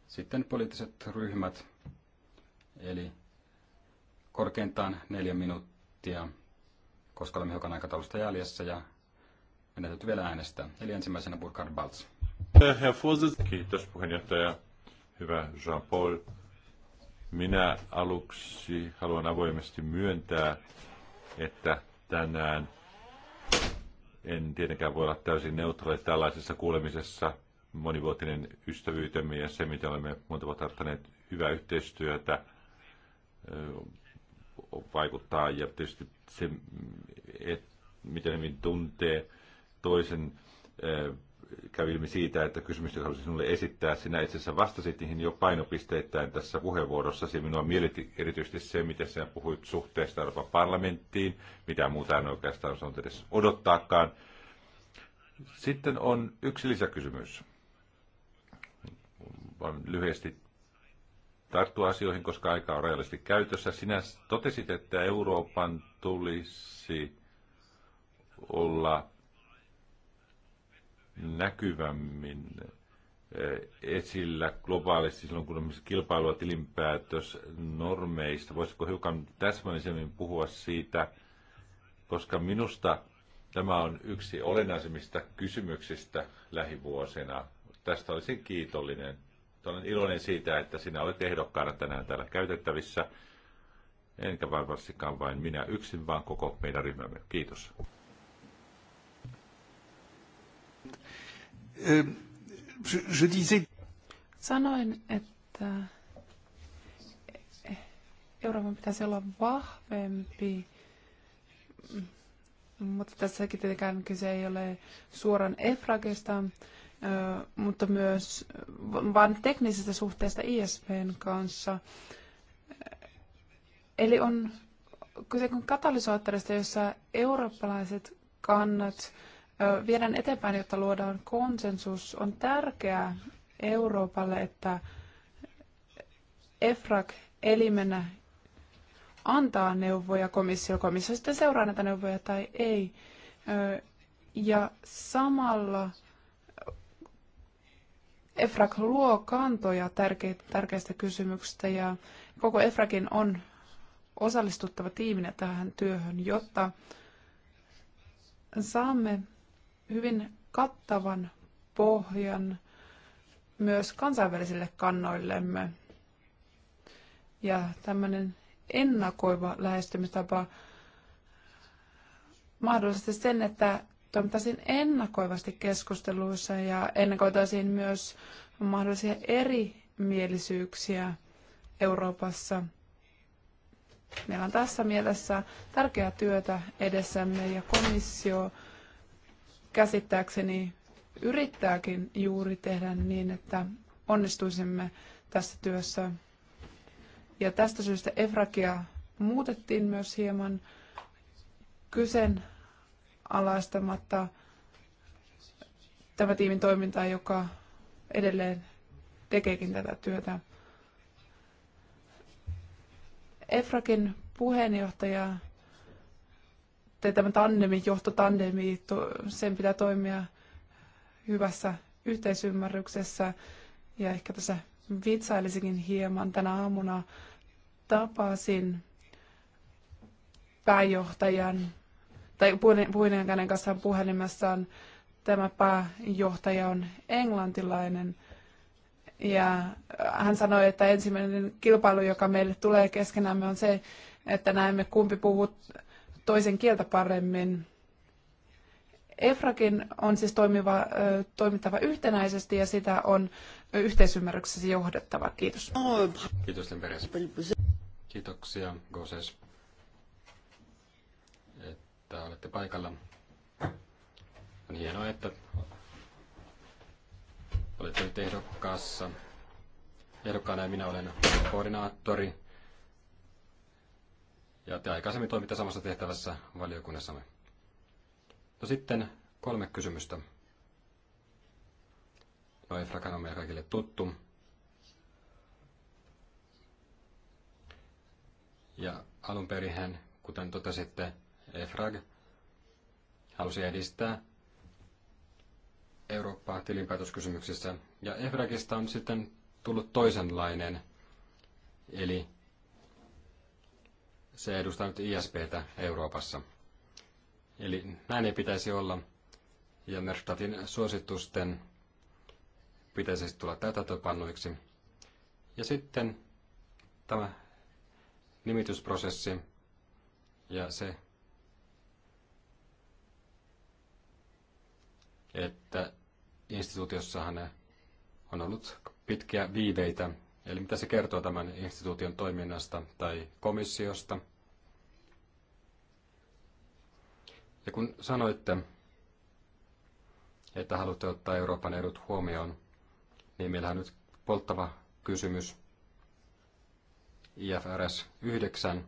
sitten poliittiset ryhmät, eli korkeintaan neljä minuuttia, koska olemme hiukan aikataulusta jäljessä ja meidän täytyy vielä äänestää. Eli ensimmäisenä Burkhard Balz. Kiitos puheenjohtaja. Hyvä Jean-Paul. Minä aluksi haluan avoimesti myöntää, että tänään en tietenkään voi olla täysin neutraali tällaisessa kuulemisessa. Monivuotinen ystävyytemme ja se, mitä olemme monta vuotta tarttaneet hyvää yhteistyötä, vaikuttaa ja tietysti se, et, miten hyvin tuntee toisen eh, kävi ilmi siitä, että kysymys, jota haluaisin sinulle esittää, sinä itse asiassa vastasit niihin jo painopisteittäin tässä puheenvuorossasi. Minua mielitti erityisesti se, miten sinä puhuit suhteesta Euroopan parlamenttiin, mitä muuta en oikeastaan osannut edes odottaakaan. Sitten on yksi lisäkysymys. Voin lyhyesti tarttua asioihin, koska aika on rajallisesti käytössä. Sinä totesit, että Euroopan tulisi olla näkyvämmin eh, esillä globaalisti silloin, kun on kilpailua tilinpäätös normeista. Voisitko hiukan täsmällisemmin puhua siitä, koska minusta tämä on yksi olennaisimmista kysymyksistä lähivuosina. Tästä olisin kiitollinen. Olen iloinen siitä, että sinä olet ehdokkaana tänään täällä käytettävissä. Enkä varmastikaan vain minä yksin, vaan koko meidän ryhmämme. Kiitos. Euh, Sanoin, että Euroopan pitäisi olla vahvempi, mutta tässäkin tietenkään kyse ei ole suoran EFRAGesta, mutta myös vain teknisestä suhteesta ISPn kanssa. Eli on kyse kuin katalysaattorista, jossa eurooppalaiset kannat viedään eteenpäin, jotta luodaan konsensus. On tärkeää Euroopalle, että EFRAG elimenä antaa neuvoja komissio. Komissio sitten seuraa näitä neuvoja tai ei. Ja samalla EFRAG luo kantoja tärkeistä kysymyksistä ja koko EFRAGin on osallistuttava tiiminä tähän työhön, jotta saamme hyvin kattavan pohjan myös kansainvälisille kannoillemme. Ja tämmöinen ennakoiva lähestymistapa mahdollisesti sen, että toimittaisiin ennakoivasti keskusteluissa ja ennakoitaisiin myös mahdollisia erimielisyyksiä Euroopassa. Meillä on tässä mielessä tärkeää työtä edessämme ja komissio käsittääkseni yrittääkin juuri tehdä niin, että onnistuisimme tässä työssä. Ja tästä syystä Efrakia muutettiin myös hieman kyseenalaistamatta tämä tiimin toiminta, joka edelleen tekeekin tätä työtä. Efrakin puheenjohtaja tämä tandemi, johtotandemi, sen pitää toimia hyvässä yhteisymmärryksessä. Ja ehkä tässä vitsailisikin hieman. Tänä aamuna tapasin pääjohtajan tai puheenjohtajan kanssa puhelimessaan. Tämä pääjohtaja on englantilainen. Ja hän sanoi, että ensimmäinen kilpailu, joka meille tulee keskenämme, on se, että näemme kumpi puhuu toisen kieltä paremmin. EFRAKin on siis toimiva, toimittava yhtenäisesti ja sitä on yhteisymmärryksessä johdettava. Kiitos. Kiitos, Lemperes. Kiitoksia, Goses, että olette paikalla. On hienoa, että olette nyt ehdokkaassa. Ehdokkaana minä olen koordinaattori ja te aikaisemmin toimitte samassa tehtävässä valiokunnassamme. No sitten kolme kysymystä. No Efrakan on meille kaikille tuttu. Ja alun perin hän, kuten totesitte, EFRAG halusi edistää Eurooppaa tilinpäätöskysymyksissä. Ja EFRAGista on sitten tullut toisenlainen, eli se edustaa nyt ISPtä Euroopassa. Eli näin ei pitäisi olla. Ja Merstatin suositusten pitäisi siis tulla täytäntöpannuiksi. Ja sitten tämä nimitysprosessi ja se, että instituutiossahan on ollut pitkiä viiveitä. Eli mitä se kertoo tämän instituution toiminnasta tai komissiosta – Ja kun sanoitte, että haluatte ottaa Euroopan edut huomioon, niin meillähän on nyt polttava kysymys IFRS 9.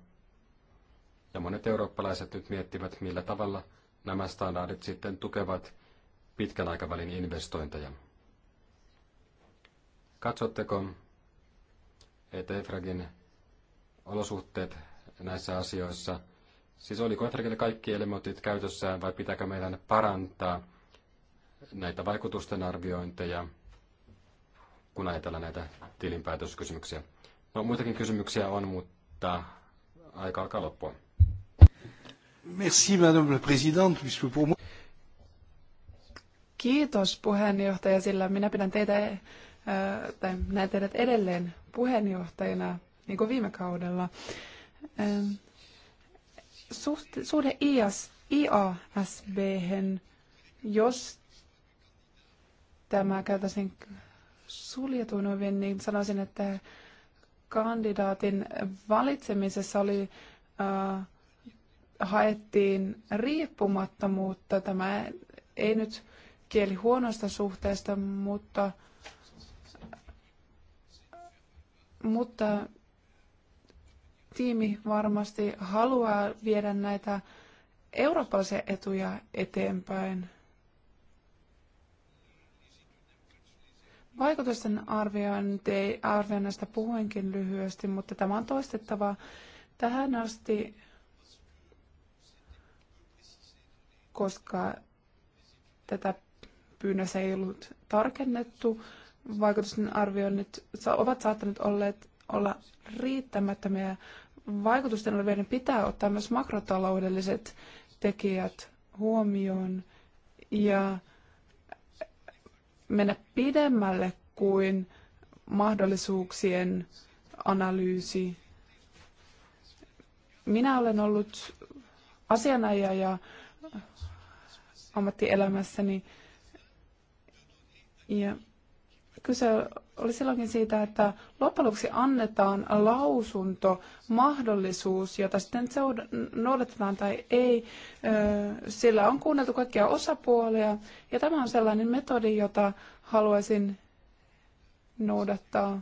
Ja monet eurooppalaiset nyt miettivät, millä tavalla nämä standardit sitten tukevat pitkän aikavälin investointeja. Katsotteko, että EFRAGin olosuhteet näissä asioissa – Siis oliko Etrakilla kaikki elementit käytössään vai pitääkö meidän parantaa näitä vaikutusten arviointeja, kun ajatellaan näitä tilinpäätöskysymyksiä? No muitakin kysymyksiä on, mutta aika alkaa loppua. Merci, madame la présidente, puisque pour moi... Kiitos puheenjohtaja, sillä minä pidän teitä, äh, tai näen teidät edelleen puheenjohtajana, niin kuin viime kaudella. Ähm, suhte, suhde IAS, IASB, jos tämä käytäisiin suljetuin ovin, niin sanoisin, että kandidaatin valitsemisessa oli, äh, haettiin riippumattomuutta. Tämä ei nyt kieli huonosta suhteesta, mutta, mutta tiimi varmasti haluaa viedä näitä eurooppalaisia etuja eteenpäin. Vaikutusten arvioinnista puhuinkin lyhyesti, mutta tämä on toistettava. Tähän asti, koska tätä pyynnössä ei ollut tarkennettu, vaikutusten arvioinnit ovat saattaneet olleet olla riittämättömiä vaikutusten arvioiden pitää ottaa myös makrotaloudelliset tekijät huomioon ja mennä pidemmälle kuin mahdollisuuksien analyysi. Minä olen ollut asianajaja ja ammattielämässäni ja kyse oli silloinkin siitä, että loppujen lopuksi annetaan lausunto, mahdollisuus, jota sitten noudatetaan tai ei. Sillä on kuunneltu kaikkia osapuolia ja tämä on sellainen metodi, jota haluaisin noudattaa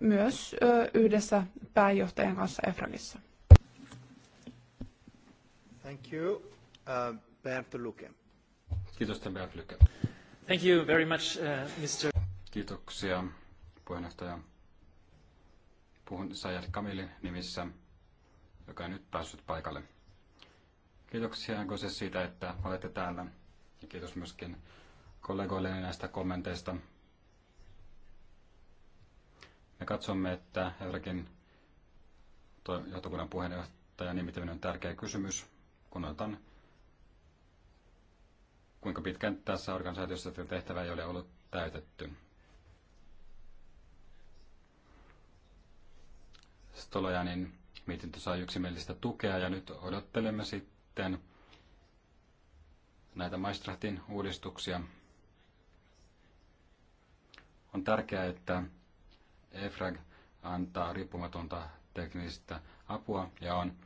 myös yhdessä pääjohtajan kanssa Efragissa. Thank you. Uh, Bernd Luke. Kiitos, Bernd Luke. Thank you very much, uh, Mr. Kiitoksia, puheenjohtaja. Puhun Sayed Kamilin nimissä, joka on nyt päässyt paikalle. Kiitoksia Gose siitä, että olette täällä. Ja kiitos myöskin kollegoille näistä kommenteista. Me katsomme, että Euroopan johtokunnan puheenjohtajan nimittäminen on tärkeä kysymys, kun otetaan kuinka pitkään tässä organisaatiossa tehtävä ei ole ollut täytetty. Stolojanin mietintö sai yksimielistä tukea ja nyt odottelemme sitten näitä maistrahtin uudistuksia. On tärkeää, että EFRAG antaa riippumatonta teknistä apua ja on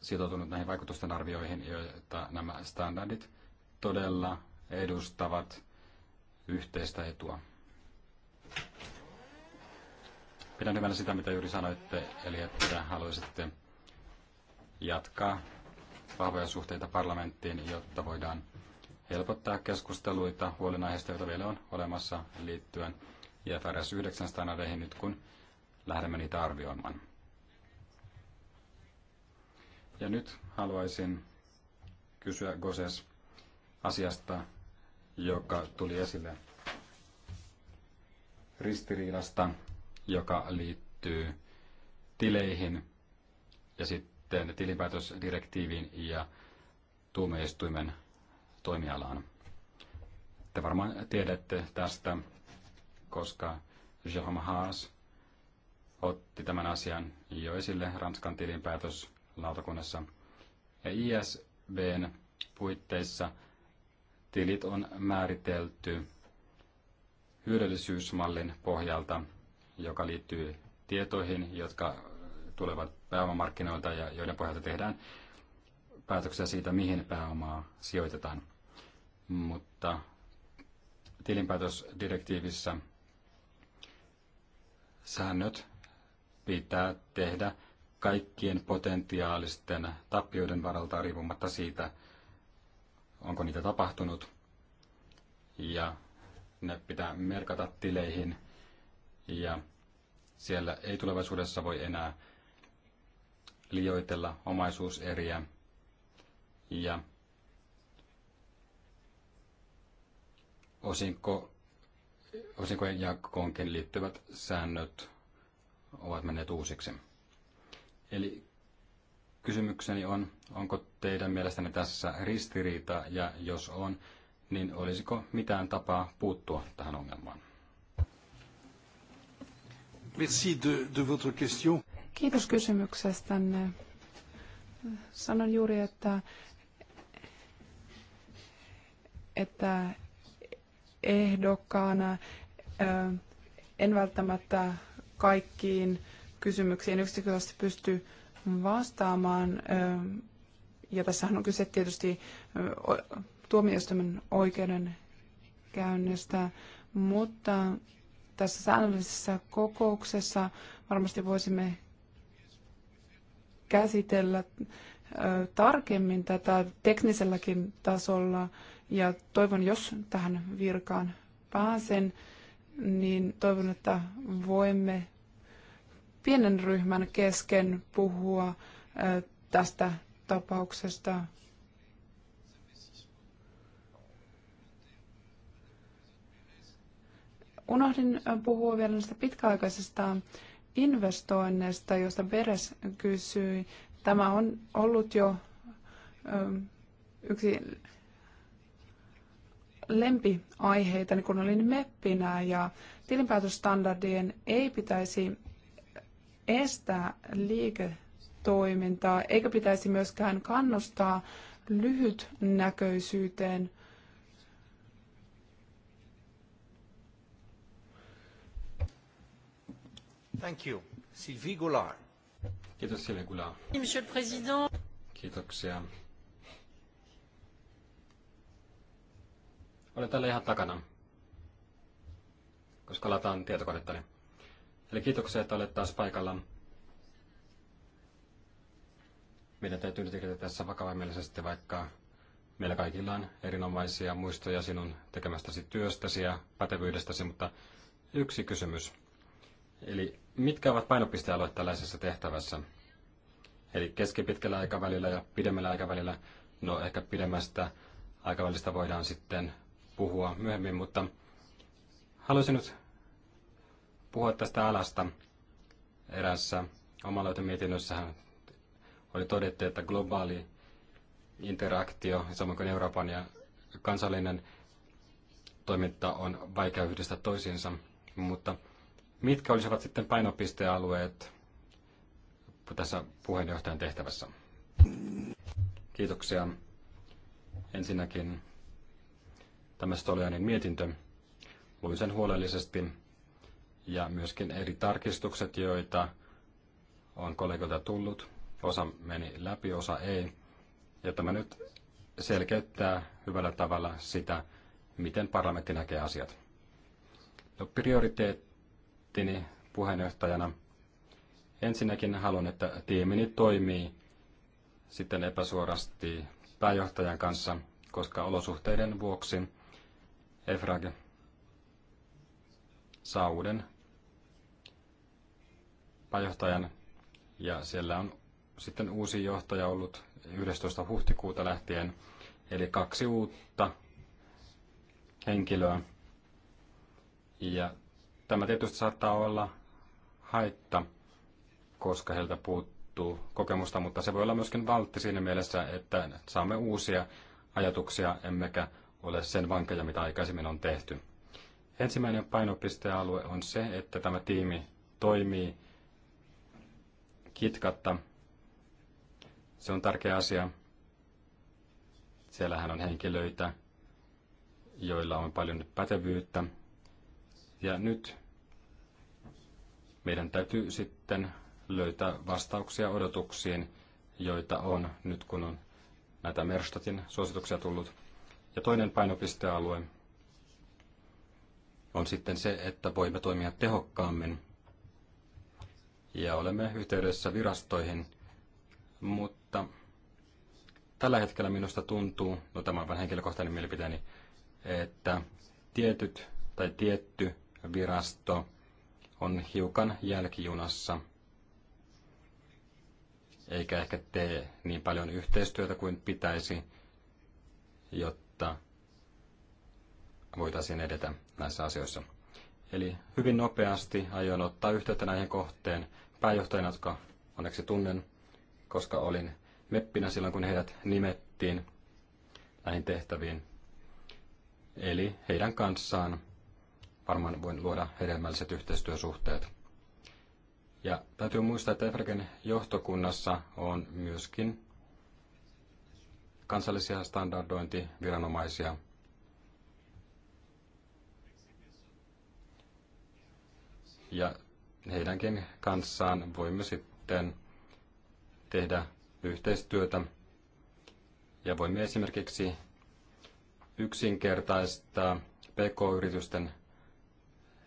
sitoutunut näihin vaikutusten arvioihin, joita nämä standardit todella edustavat yhteistä etua. Pidän hyvänä sitä, mitä juuri sanoitte, eli että haluaisitte jatkaa vahvoja suhteita parlamenttiin, jotta voidaan helpottaa keskusteluita huolenaiheista, joita vielä on olemassa liittyen IFRS 9 standardeihin nyt, kun lähdemme niitä arvioimaan. Ja nyt haluaisin kysyä Goses asiasta, joka tuli esille ristiriidasta, joka liittyy tileihin ja sitten tilinpäätösdirektiiviin ja tuomioistuimen toimialaan. Te varmaan tiedätte tästä, koska Jérôme Haas otti tämän asian jo esille Ranskan tilinpäätöslautakunnassa. Ja ISBn puitteissa – tilit on määritelty hyödyllisyysmallin pohjalta, joka liittyy tietoihin, jotka tulevat pääomamarkkinoilta ja joiden pohjalta tehdään päätöksiä siitä, mihin pääomaa sijoitetaan. Mutta tilinpäätösdirektiivissä säännöt pitää tehdä kaikkien potentiaalisten tappioiden varalta riippumatta siitä, onko niitä tapahtunut, ja ne pitää merkata tileihin, ja siellä ei tulevaisuudessa voi enää liioitella omaisuuseriä, ja osinko, osinkojen jakoonkin liittyvät säännöt ovat menneet uusiksi. Eli Kysymykseni on, onko teidän mielestänne tässä ristiriita ja jos on, niin olisiko mitään tapaa puuttua tähän ongelmaan? Merci de, de votre question. Kiitos kysymyksestänne. Sanon juuri, että, että ehdokkaana en välttämättä kaikkiin kysymyksiin yksityisesti pysty vastaamaan. Ja tässähän on kyse tietysti tuomioistuimen oikeuden käynnistä, mutta tässä säännöllisessä kokouksessa varmasti voisimme käsitellä tarkemmin tätä tekniselläkin tasolla. Ja toivon, jos tähän virkaan pääsen, niin toivon, että voimme pienen ryhmän kesken puhua tästä tapauksesta. Unohdin puhua vielä näistä pitkäaikaisista investoinneista, josta Beres kysyi. Tämä on ollut jo yksi lempiaiheita, niin kun olin meppinä ja tilinpäätösstandardien ei pitäisi estää liiketoimintaa, eikä pitäisi myöskään kannustaa lyhytnäköisyyteen. Thank you. Sylvie Goulard. Kiitos Sylvie Goulard. Monsieur le Président. Kiitoksia. Olen täällä ihan takana, koska lataan tietokonettani. Niin Eli kiitoksia, että olet taas paikalla. Meidän täytyy nyt tehdä tässä vakavamielisesti, vaikka meillä kaikilla on erinomaisia muistoja sinun tekemästäsi työstäsi ja pätevyydestäsi, mutta yksi kysymys. Eli mitkä ovat painopistealueet tällaisessa tehtävässä? Eli keskipitkällä aikavälillä ja pidemmällä aikavälillä, no ehkä pidemmästä aikavälistä voidaan sitten puhua myöhemmin, mutta haluaisin nyt puhua tästä alasta. Erässä omaloitemietinnössähän oli todettu, että globaali interaktio, samoin kuin Euroopan ja kansallinen toiminta on vaikea yhdistää toisiinsa, mutta mitkä olisivat sitten painopistealueet tässä puheenjohtajan tehtävässä? Kiitoksia. Ensinnäkin tämä Stolianin mietintö. Luin sen huolellisesti ja myöskin eri tarkistukset, joita on kollegoilta tullut. Osa meni läpi, osa ei. Ja tämä nyt selkeyttää hyvällä tavalla sitä, miten parlamentti näkee asiat. No, prioriteettini puheenjohtajana ensinnäkin haluan, että tiimini toimii sitten epäsuorasti pääjohtajan kanssa, koska olosuhteiden vuoksi EFRAG saa uuden pääjohtajan ja siellä on sitten uusi johtaja ollut 11. huhtikuuta lähtien, eli kaksi uutta henkilöä. Ja tämä tietysti saattaa olla haitta, koska heiltä puuttuu kokemusta, mutta se voi olla myöskin valtti siinä mielessä, että saamme uusia ajatuksia, emmekä ole sen vankeja, mitä aikaisemmin on tehty. Ensimmäinen painopistealue on se, että tämä tiimi toimii kitkatta. Se on tärkeä asia. Siellähän on henkilöitä, joilla on paljon pätevyyttä. Ja nyt meidän täytyy sitten löytää vastauksia odotuksiin, joita on nyt kun on näitä Merstatin suosituksia tullut. Ja toinen painopistealue on sitten se, että voimme toimia tehokkaammin ja olemme yhteydessä virastoihin, mutta tällä hetkellä minusta tuntuu, no tämä on vähän henkilökohtainen mielipiteeni, että tietyt tai tietty virasto on hiukan jälkijunassa, eikä ehkä tee niin paljon yhteistyötä kuin pitäisi, jotta voitaisiin edetä näissä asioissa. Eli hyvin nopeasti aion ottaa yhteyttä näihin kohteen pääjohtajan, jotka onneksi tunnen, koska olin meppinä silloin, kun heidät nimettiin näihin tehtäviin. Eli heidän kanssaan varmaan voin luoda hedelmälliset yhteistyösuhteet. Ja täytyy muistaa, että Efraken johtokunnassa on myöskin kansallisia standardointiviranomaisia – Ja heidänkin kanssaan voimme sitten tehdä yhteistyötä. Ja voimme esimerkiksi yksinkertaistaa PK-yritysten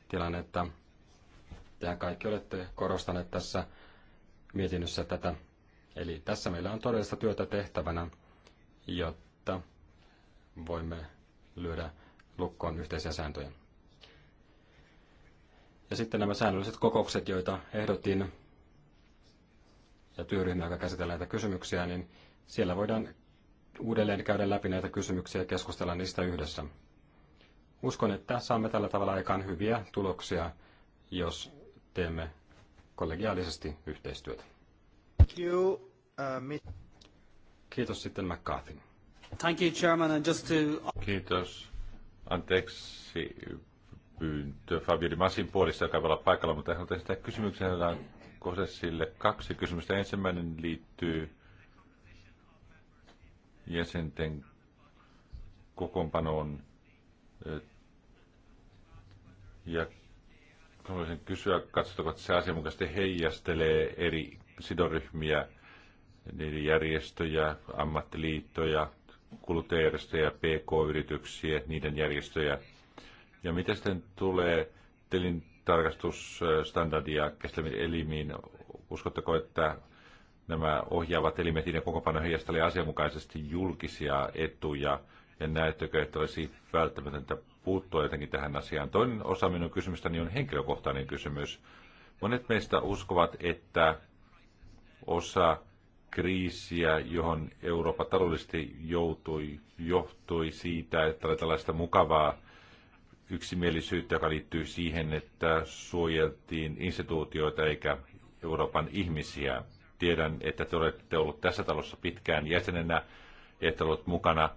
tilannetta. Tehän kaikki olette korostaneet tässä mietinnössä tätä. Eli tässä meillä on todellista työtä tehtävänä, jotta voimme lyödä lukkoon yhteisiä sääntöjä. Ja sitten nämä säännölliset kokoukset, joita ehdotin, ja työryhmä, joka käsitellään näitä kysymyksiä, niin siellä voidaan uudelleen käydä läpi näitä kysymyksiä ja keskustella niistä yhdessä. Uskon, että saamme tällä tavalla aikaan hyviä tuloksia, jos teemme kollegiaalisesti yhteistyötä. Uh, Kiitos sitten McCarthy. Thank you, Chairman, and just to... Kiitos. Anteeksi pyyntö Fabio Di Masin puolesta, joka ei olla paikalla, mutta hän sitä kysymyksen, hän sille kaksi kysymystä. Ensimmäinen liittyy jäsenten kokoonpanoon eh, ja haluaisin kysyä, katsotaanko se asianmukaisesti heijastelee eri sidoryhmiä, niiden järjestöjä, ammattiliittoja, kuluttajajärjestöjä, pk-yrityksiä, niiden järjestöjä, ja miten sitten tulee tilintarkastusstandardia kestäviin elimiin? Uskotteko, että nämä ohjaavat elimet ja koko paljon heijastelee asianmukaisesti julkisia etuja? Ja näettekö, että olisi välttämätöntä puuttua jotenkin tähän asiaan? Toinen osa minun kysymystäni on henkilökohtainen kysymys. Monet meistä uskovat, että osa kriisiä, johon Eurooppa taloudellisesti joutui, johtui siitä, että oli tällaista mukavaa yksimielisyyttä, joka liittyy siihen, että suojeltiin instituutioita eikä Euroopan ihmisiä. Tiedän, että te olette ollut tässä talossa pitkään jäsenenä, että olet mukana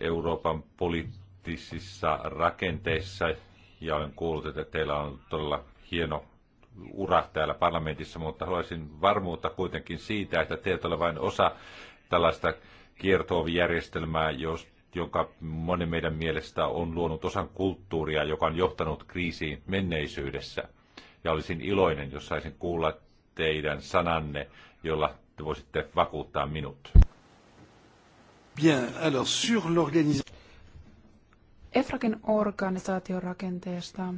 Euroopan poliittisissa rakenteissa ja olen kuullut, että teillä on todella hieno ura täällä parlamentissa, mutta haluaisin varmuutta kuitenkin siitä, että te ole vain osa tällaista kiertoovijärjestelmää, jos joka monen meidän mielestä on luonut osan kulttuuria, joka on johtanut kriisiin menneisyydessä. Ja olisin iloinen, jos saisin kuulla teidän sananne, jolla te voisitte vakuuttaa minut. Bien, alors sur l'organisation. EFRAKin organisaatiorakenteesta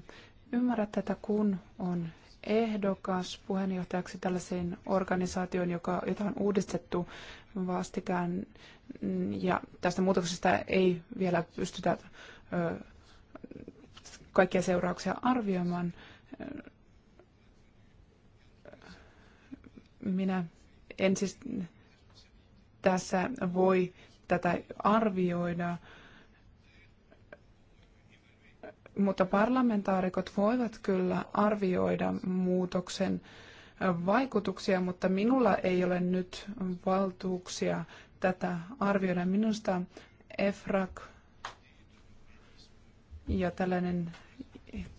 ymmärrät, tätä, kun on ehdokas puheenjohtajaksi tällaiseen organisaatioon, joka, jota on uudistettu vastikään, ja tästä muutoksesta ei vielä pystytä ö, kaikkia seurauksia arvioimaan. Minä en siis tässä voi tätä arvioida, mutta parlamentaarikot voivat kyllä arvioida muutoksen vaikutuksia, mutta minulla ei ole nyt valtuuksia tätä arvioida. Minusta EFRAK ja tällainen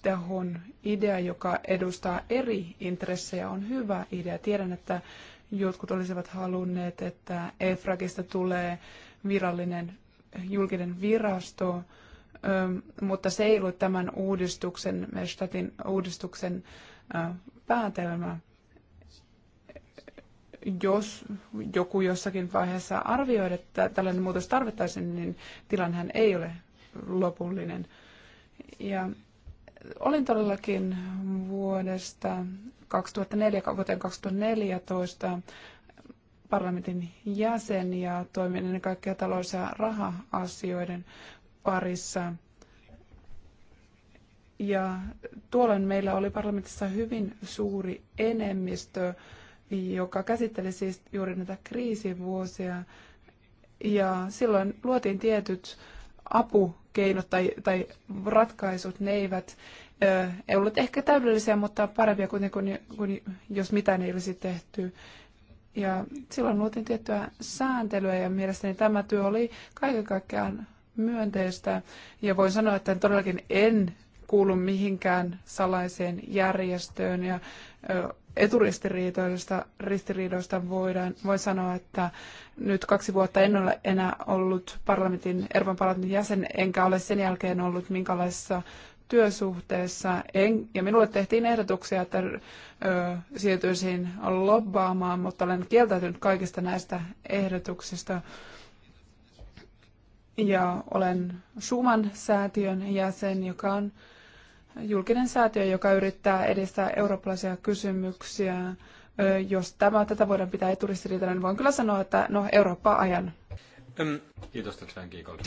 tahon idea, joka edustaa eri intressejä, on hyvä idea. Tiedän, että jotkut olisivat halunneet, että EFRAGista tulee virallinen julkinen virasto, mutta se ei ollut tämän uudistuksen, Merstatin uudistuksen päätelmä. Jos joku jossakin vaiheessa arvioi, että tällainen muutos tarvittaisiin, niin tilannehän ei ole lopullinen. Ja olin todellakin vuodesta 2004 vuoteen 2014 parlamentin jäsen ja toimin ennen kaikkea talous- ja raha-asioiden parissa. Ja tuolloin meillä oli parlamentissa hyvin suuri enemmistö, joka käsitteli siis juuri näitä kriisivuosia. Ja silloin luotiin tietyt apukeinot tai, tai ratkaisut, ne eivät ei ollut ehkä täydellisiä, mutta parempia kuin, kuin, kuin jos mitään ei olisi tehty. Ja silloin luotiin tiettyä sääntelyä ja mielestäni tämä työ oli kaiken kaikkiaan myönteistä. Ja voin sanoa, että todellakin en kuulu mihinkään salaiseen järjestöön ja eturistiriidoista ristiriidoista voidaan, voi sanoa, että nyt kaksi vuotta en ole enää ollut parlamentin, Euroopan parlamentin jäsen, enkä ole sen jälkeen ollut minkälaisessa työsuhteessa. En, ja minulle tehtiin ehdotuksia, että ö, siirtyisin lobbaamaan, mutta olen kieltäytynyt kaikista näistä ehdotuksista ja olen Schumann säätiön jäsen, joka on julkinen säätiö, joka yrittää edistää eurooppalaisia kysymyksiä. Jos tämä, tätä voidaan pitää eturistiriitana, niin voin kyllä sanoa, että no Eurooppa ajan. Kiitos Sven Kiikolle.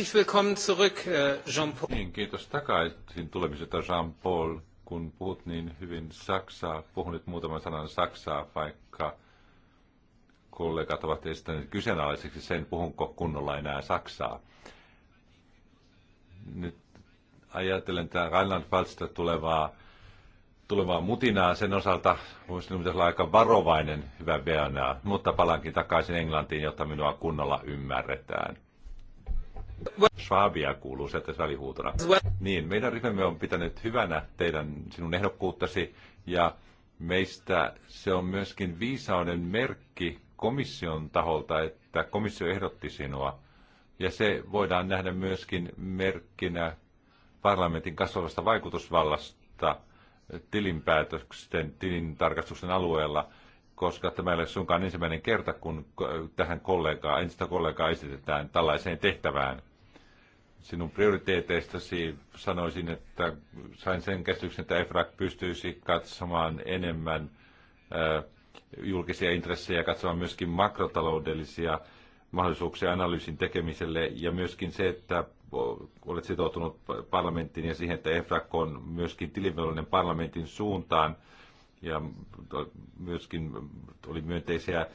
zurück, äh, Jean-Paul. Niin, kiitos takaisin tulemisesta Jean-Paul. Kun puhut niin hyvin Saksaa, puhun nyt muutaman sanan Saksaa, vaikka kollegat ovat esittäneet kyseenalaiseksi sen, puhunko kunnolla enää Saksaa nyt ajatellen tämä Rheinland-Pfalzista tulevaa, tulevaa mutinaa sen osalta, voisin pitäisi olla aika varovainen, hyvä Veanaa, mutta palankin takaisin Englantiin, jotta minua kunnolla ymmärretään. Schwabia kuuluu sieltä välihuutona. Niin, meidän ryhmämme on pitänyt hyvänä teidän sinun ehdokkuuttasi ja meistä se on myöskin viisauden merkki komission taholta, että komissio ehdotti sinua ja se voidaan nähdä myöskin merkkinä parlamentin kasvavasta vaikutusvallasta tilinpäätösten, tilintarkastuksen alueella, koska tämä ei ole suinkaan ensimmäinen kerta, kun tähän kollegaa, entistä kollegaa esitetään tällaiseen tehtävään. Sinun prioriteeteistasi sanoisin, että sain sen käsityksen, että EFRAC pystyisi katsomaan enemmän julkisia intressejä, katsomaan myöskin makrotaloudellisia mahdollisuuksia analyysin tekemiselle ja myöskin se, että olet sitoutunut parlamenttiin ja siihen, että EFRAC on myöskin tilivelvollinen parlamentin suuntaan ja myöskin oli myönteisiä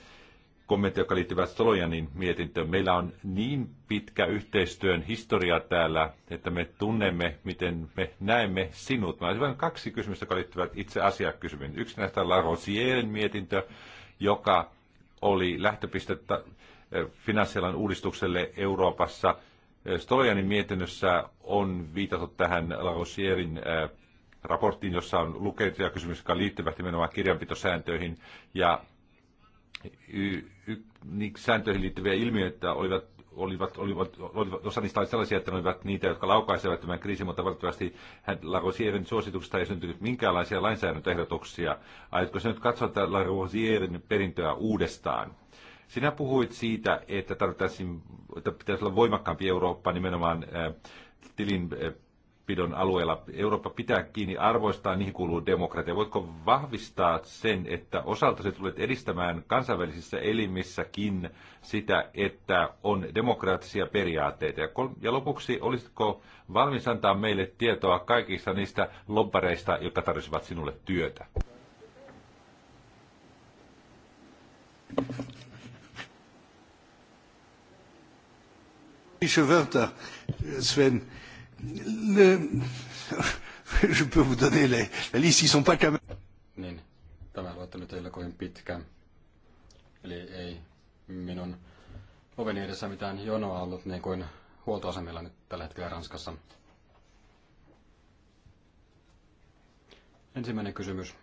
kommentteja, jotka liittyvät Solojanin mietintöön. Meillä on niin pitkä yhteistyön historia täällä, että me tunnemme, miten me näemme sinut. Mä vain kaksi kysymystä, jotka liittyvät itse asiakysymyksiin. Yksi näistä on La Rosierin mietintö, joka oli lähtöpiste finanssialan uudistukselle Euroopassa. Stolojanin mietinnössä on viitattu tähän Lagosierin raporttiin, jossa on lukeita kysymyksiä, jotka liittyvät nimenomaan kirjanpitosääntöihin. Ja y- y- sääntöihin liittyviä ilmiöitä olivat olivat, olivat, olivat, osa niistä oli sellaisia, että ne olivat niitä, jotka laukaisevat tämän kriisin, mutta valitettavasti Larosierin suosituksesta ei syntynyt minkäänlaisia lainsäädäntöehdotuksia. Aiotko se nyt katsoa tätä Larosierin perintöä uudestaan? Sinä puhuit siitä, että, että pitäisi olla voimakkaampi Eurooppa nimenomaan tilinpidon alueella. Eurooppa pitää kiinni arvoistaan, niihin kuuluu demokratia. Voitko vahvistaa sen, että osalta se tulet edistämään kansainvälisissä elimissäkin sitä, että on demokraattisia periaatteita? Ja lopuksi, olisitko valmis antaa meille tietoa kaikista niistä lobbareista, jotka tarvitsevat sinulle työtä? Wörter, Sven. Le... Je peux vous donner les, la liste, ils sont pas quand même... Niin, tämä luettelo teillä kovin pitkään. Eli ei minun oveni edessä mitään jonoa ollut niin kuin huoltoasemilla nyt tällä hetkellä Ranskassa. Ensimmäinen kysymys.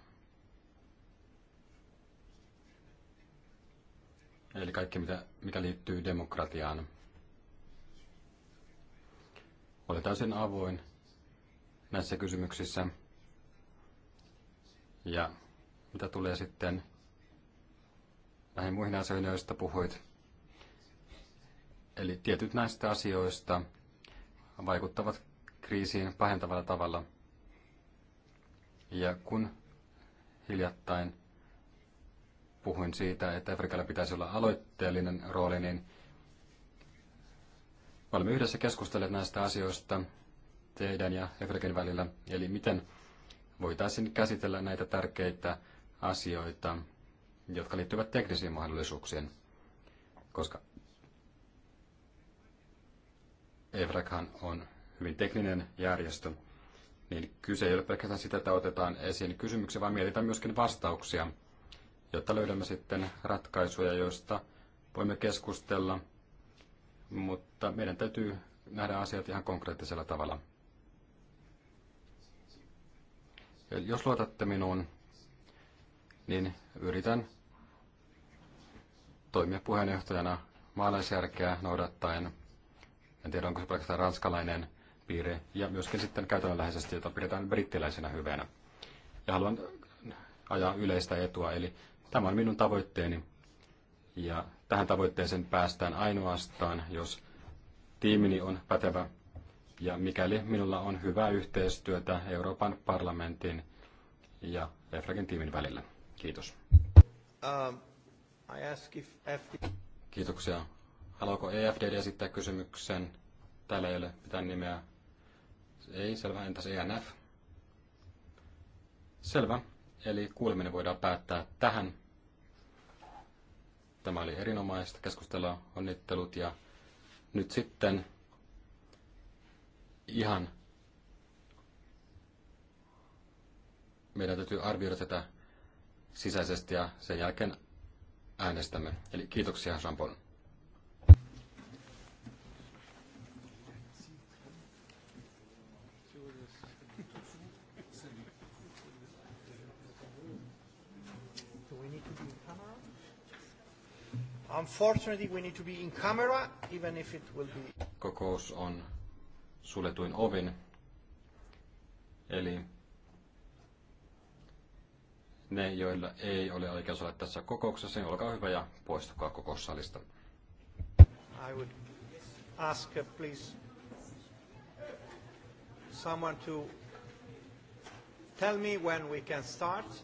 Eli kaikki, mitä, mikä liittyy demokratiaan. Olen täysin avoin näissä kysymyksissä. Ja mitä tulee sitten näihin muihin asioihin, joista puhuit. Eli tietyt näistä asioista vaikuttavat kriisiin pahentavalla tavalla. Ja kun hiljattain puhuin siitä, että Afrikalla pitäisi olla aloitteellinen rooli, niin olemme yhdessä keskustelleet näistä asioista teidän ja Efrekin välillä, eli miten voitaisiin käsitellä näitä tärkeitä asioita, jotka liittyvät teknisiin mahdollisuuksiin, koska EFRAGhan on hyvin tekninen järjestö, niin kyse ei ole pelkästään sitä, että otetaan esiin kysymyksiä, vaan mietitään myöskin vastauksia, jotta löydämme sitten ratkaisuja, joista voimme keskustella – mutta meidän täytyy nähdä asiat ihan konkreettisella tavalla. Ja jos luotatte minuun, niin yritän toimia puheenjohtajana maalaisjärkeä noudattaen. En tiedä, onko se pelkästään ranskalainen piiri. ja myöskin sitten käytännönläheisesti, jota pidetään brittiläisenä hyvänä. Ja haluan ajaa yleistä etua, eli tämä on minun tavoitteeni. Ja tähän tavoitteeseen päästään ainoastaan, jos tiimini on pätevä ja mikäli minulla on hyvää yhteistyötä Euroopan parlamentin ja EFRAGin tiimin välillä. Kiitos. Um, I ask if FD... Kiitoksia. Haluaako EFDD esittää kysymyksen? Täällä ei ole mitään nimeä. Ei, selvä. Entäs ENF? Selvä. Eli kuuleminen voidaan päättää tähän. Tämä oli erinomaista keskustella, onnittelut ja nyt sitten ihan meidän täytyy arvioida tätä sisäisesti ja sen jälkeen äänestämme. Eli kiitoksia Sampon. Unfortunately, we need to be in camera, even if it will be... Kokous on suljetuin ovin, eli ne, joilla ei ole oikeus olla tässä kokouksessa, niin olkaa hyvä ja poistukaa kokoussalista. I would ask, uh, please, someone to tell me when we can start.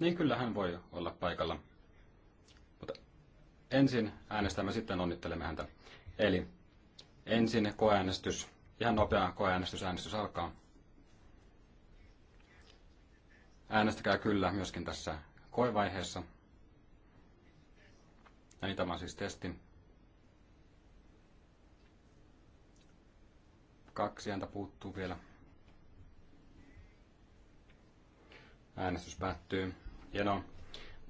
Niin kyllä hän voi olla paikalla. Mutta ensin äänestämme, sitten onnittelemme häntä. Eli ensin koeäänestys, ihan nopea koeäänestys, äänestys alkaa. Äänestäkää kyllä myöskin tässä koevaiheessa. niin tämä on siis testi. Kaksi ääntä puuttuu vielä. Äänestys päättyy. Hienoa.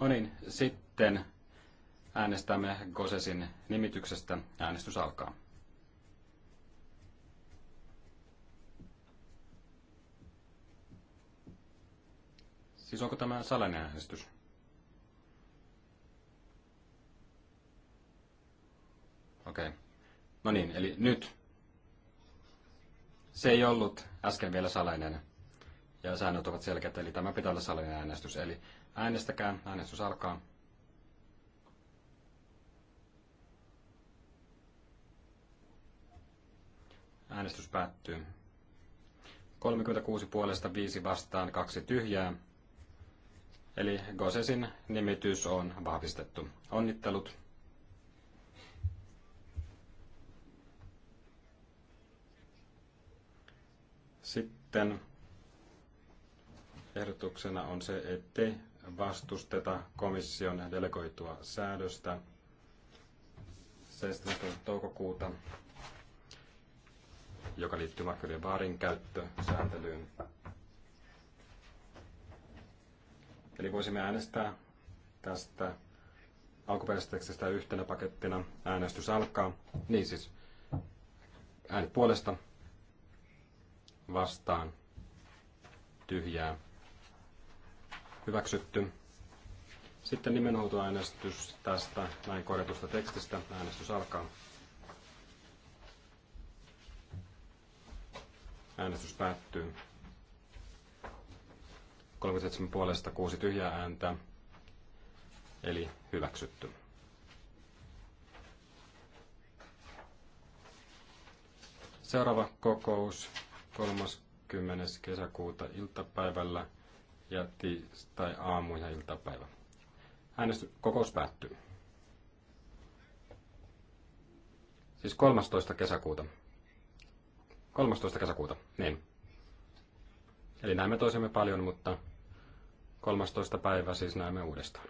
No niin, sitten äänestämme Gosesin nimityksestä. Äänestys alkaa. Siis onko tämä salainen äänestys? Okei. Okay. No niin, eli nyt. Se ei ollut äsken vielä salainen. Ja säännöt ovat selkeät, eli tämä pitää olla salainen äänestys. Eli Äänestäkää. Äänestys alkaa. Äänestys päättyy. 36 puolesta 5 vastaan 2 tyhjää. Eli Gosesin nimitys on vahvistettu. Onnittelut. Sitten ehdotuksena on se, että vastusteta komission delegoitua säädöstä 17. toukokuuta, joka liittyy markkinoiden väärinkäyttösääntelyyn. Eli voisimme äänestää tästä alkuperäisestä tekstistä yhtenä pakettina. Äänestys alkaa. Niin siis äänet puolesta vastaan tyhjää hyväksytty. Sitten äänestys tästä näin korjatusta tekstistä. Äänestys alkaa. Äänestys päättyy. 37 puolesta 6 tyhjää ääntä, eli hyväksytty. Seuraava kokous 30. kesäkuuta iltapäivällä ja tiistai aamu ja iltapäivä. Äänestys kokous päättyy. Siis 13. kesäkuuta. 13. kesäkuuta, niin. Eli näemme toisemme paljon, mutta 13. päivä siis näemme uudestaan.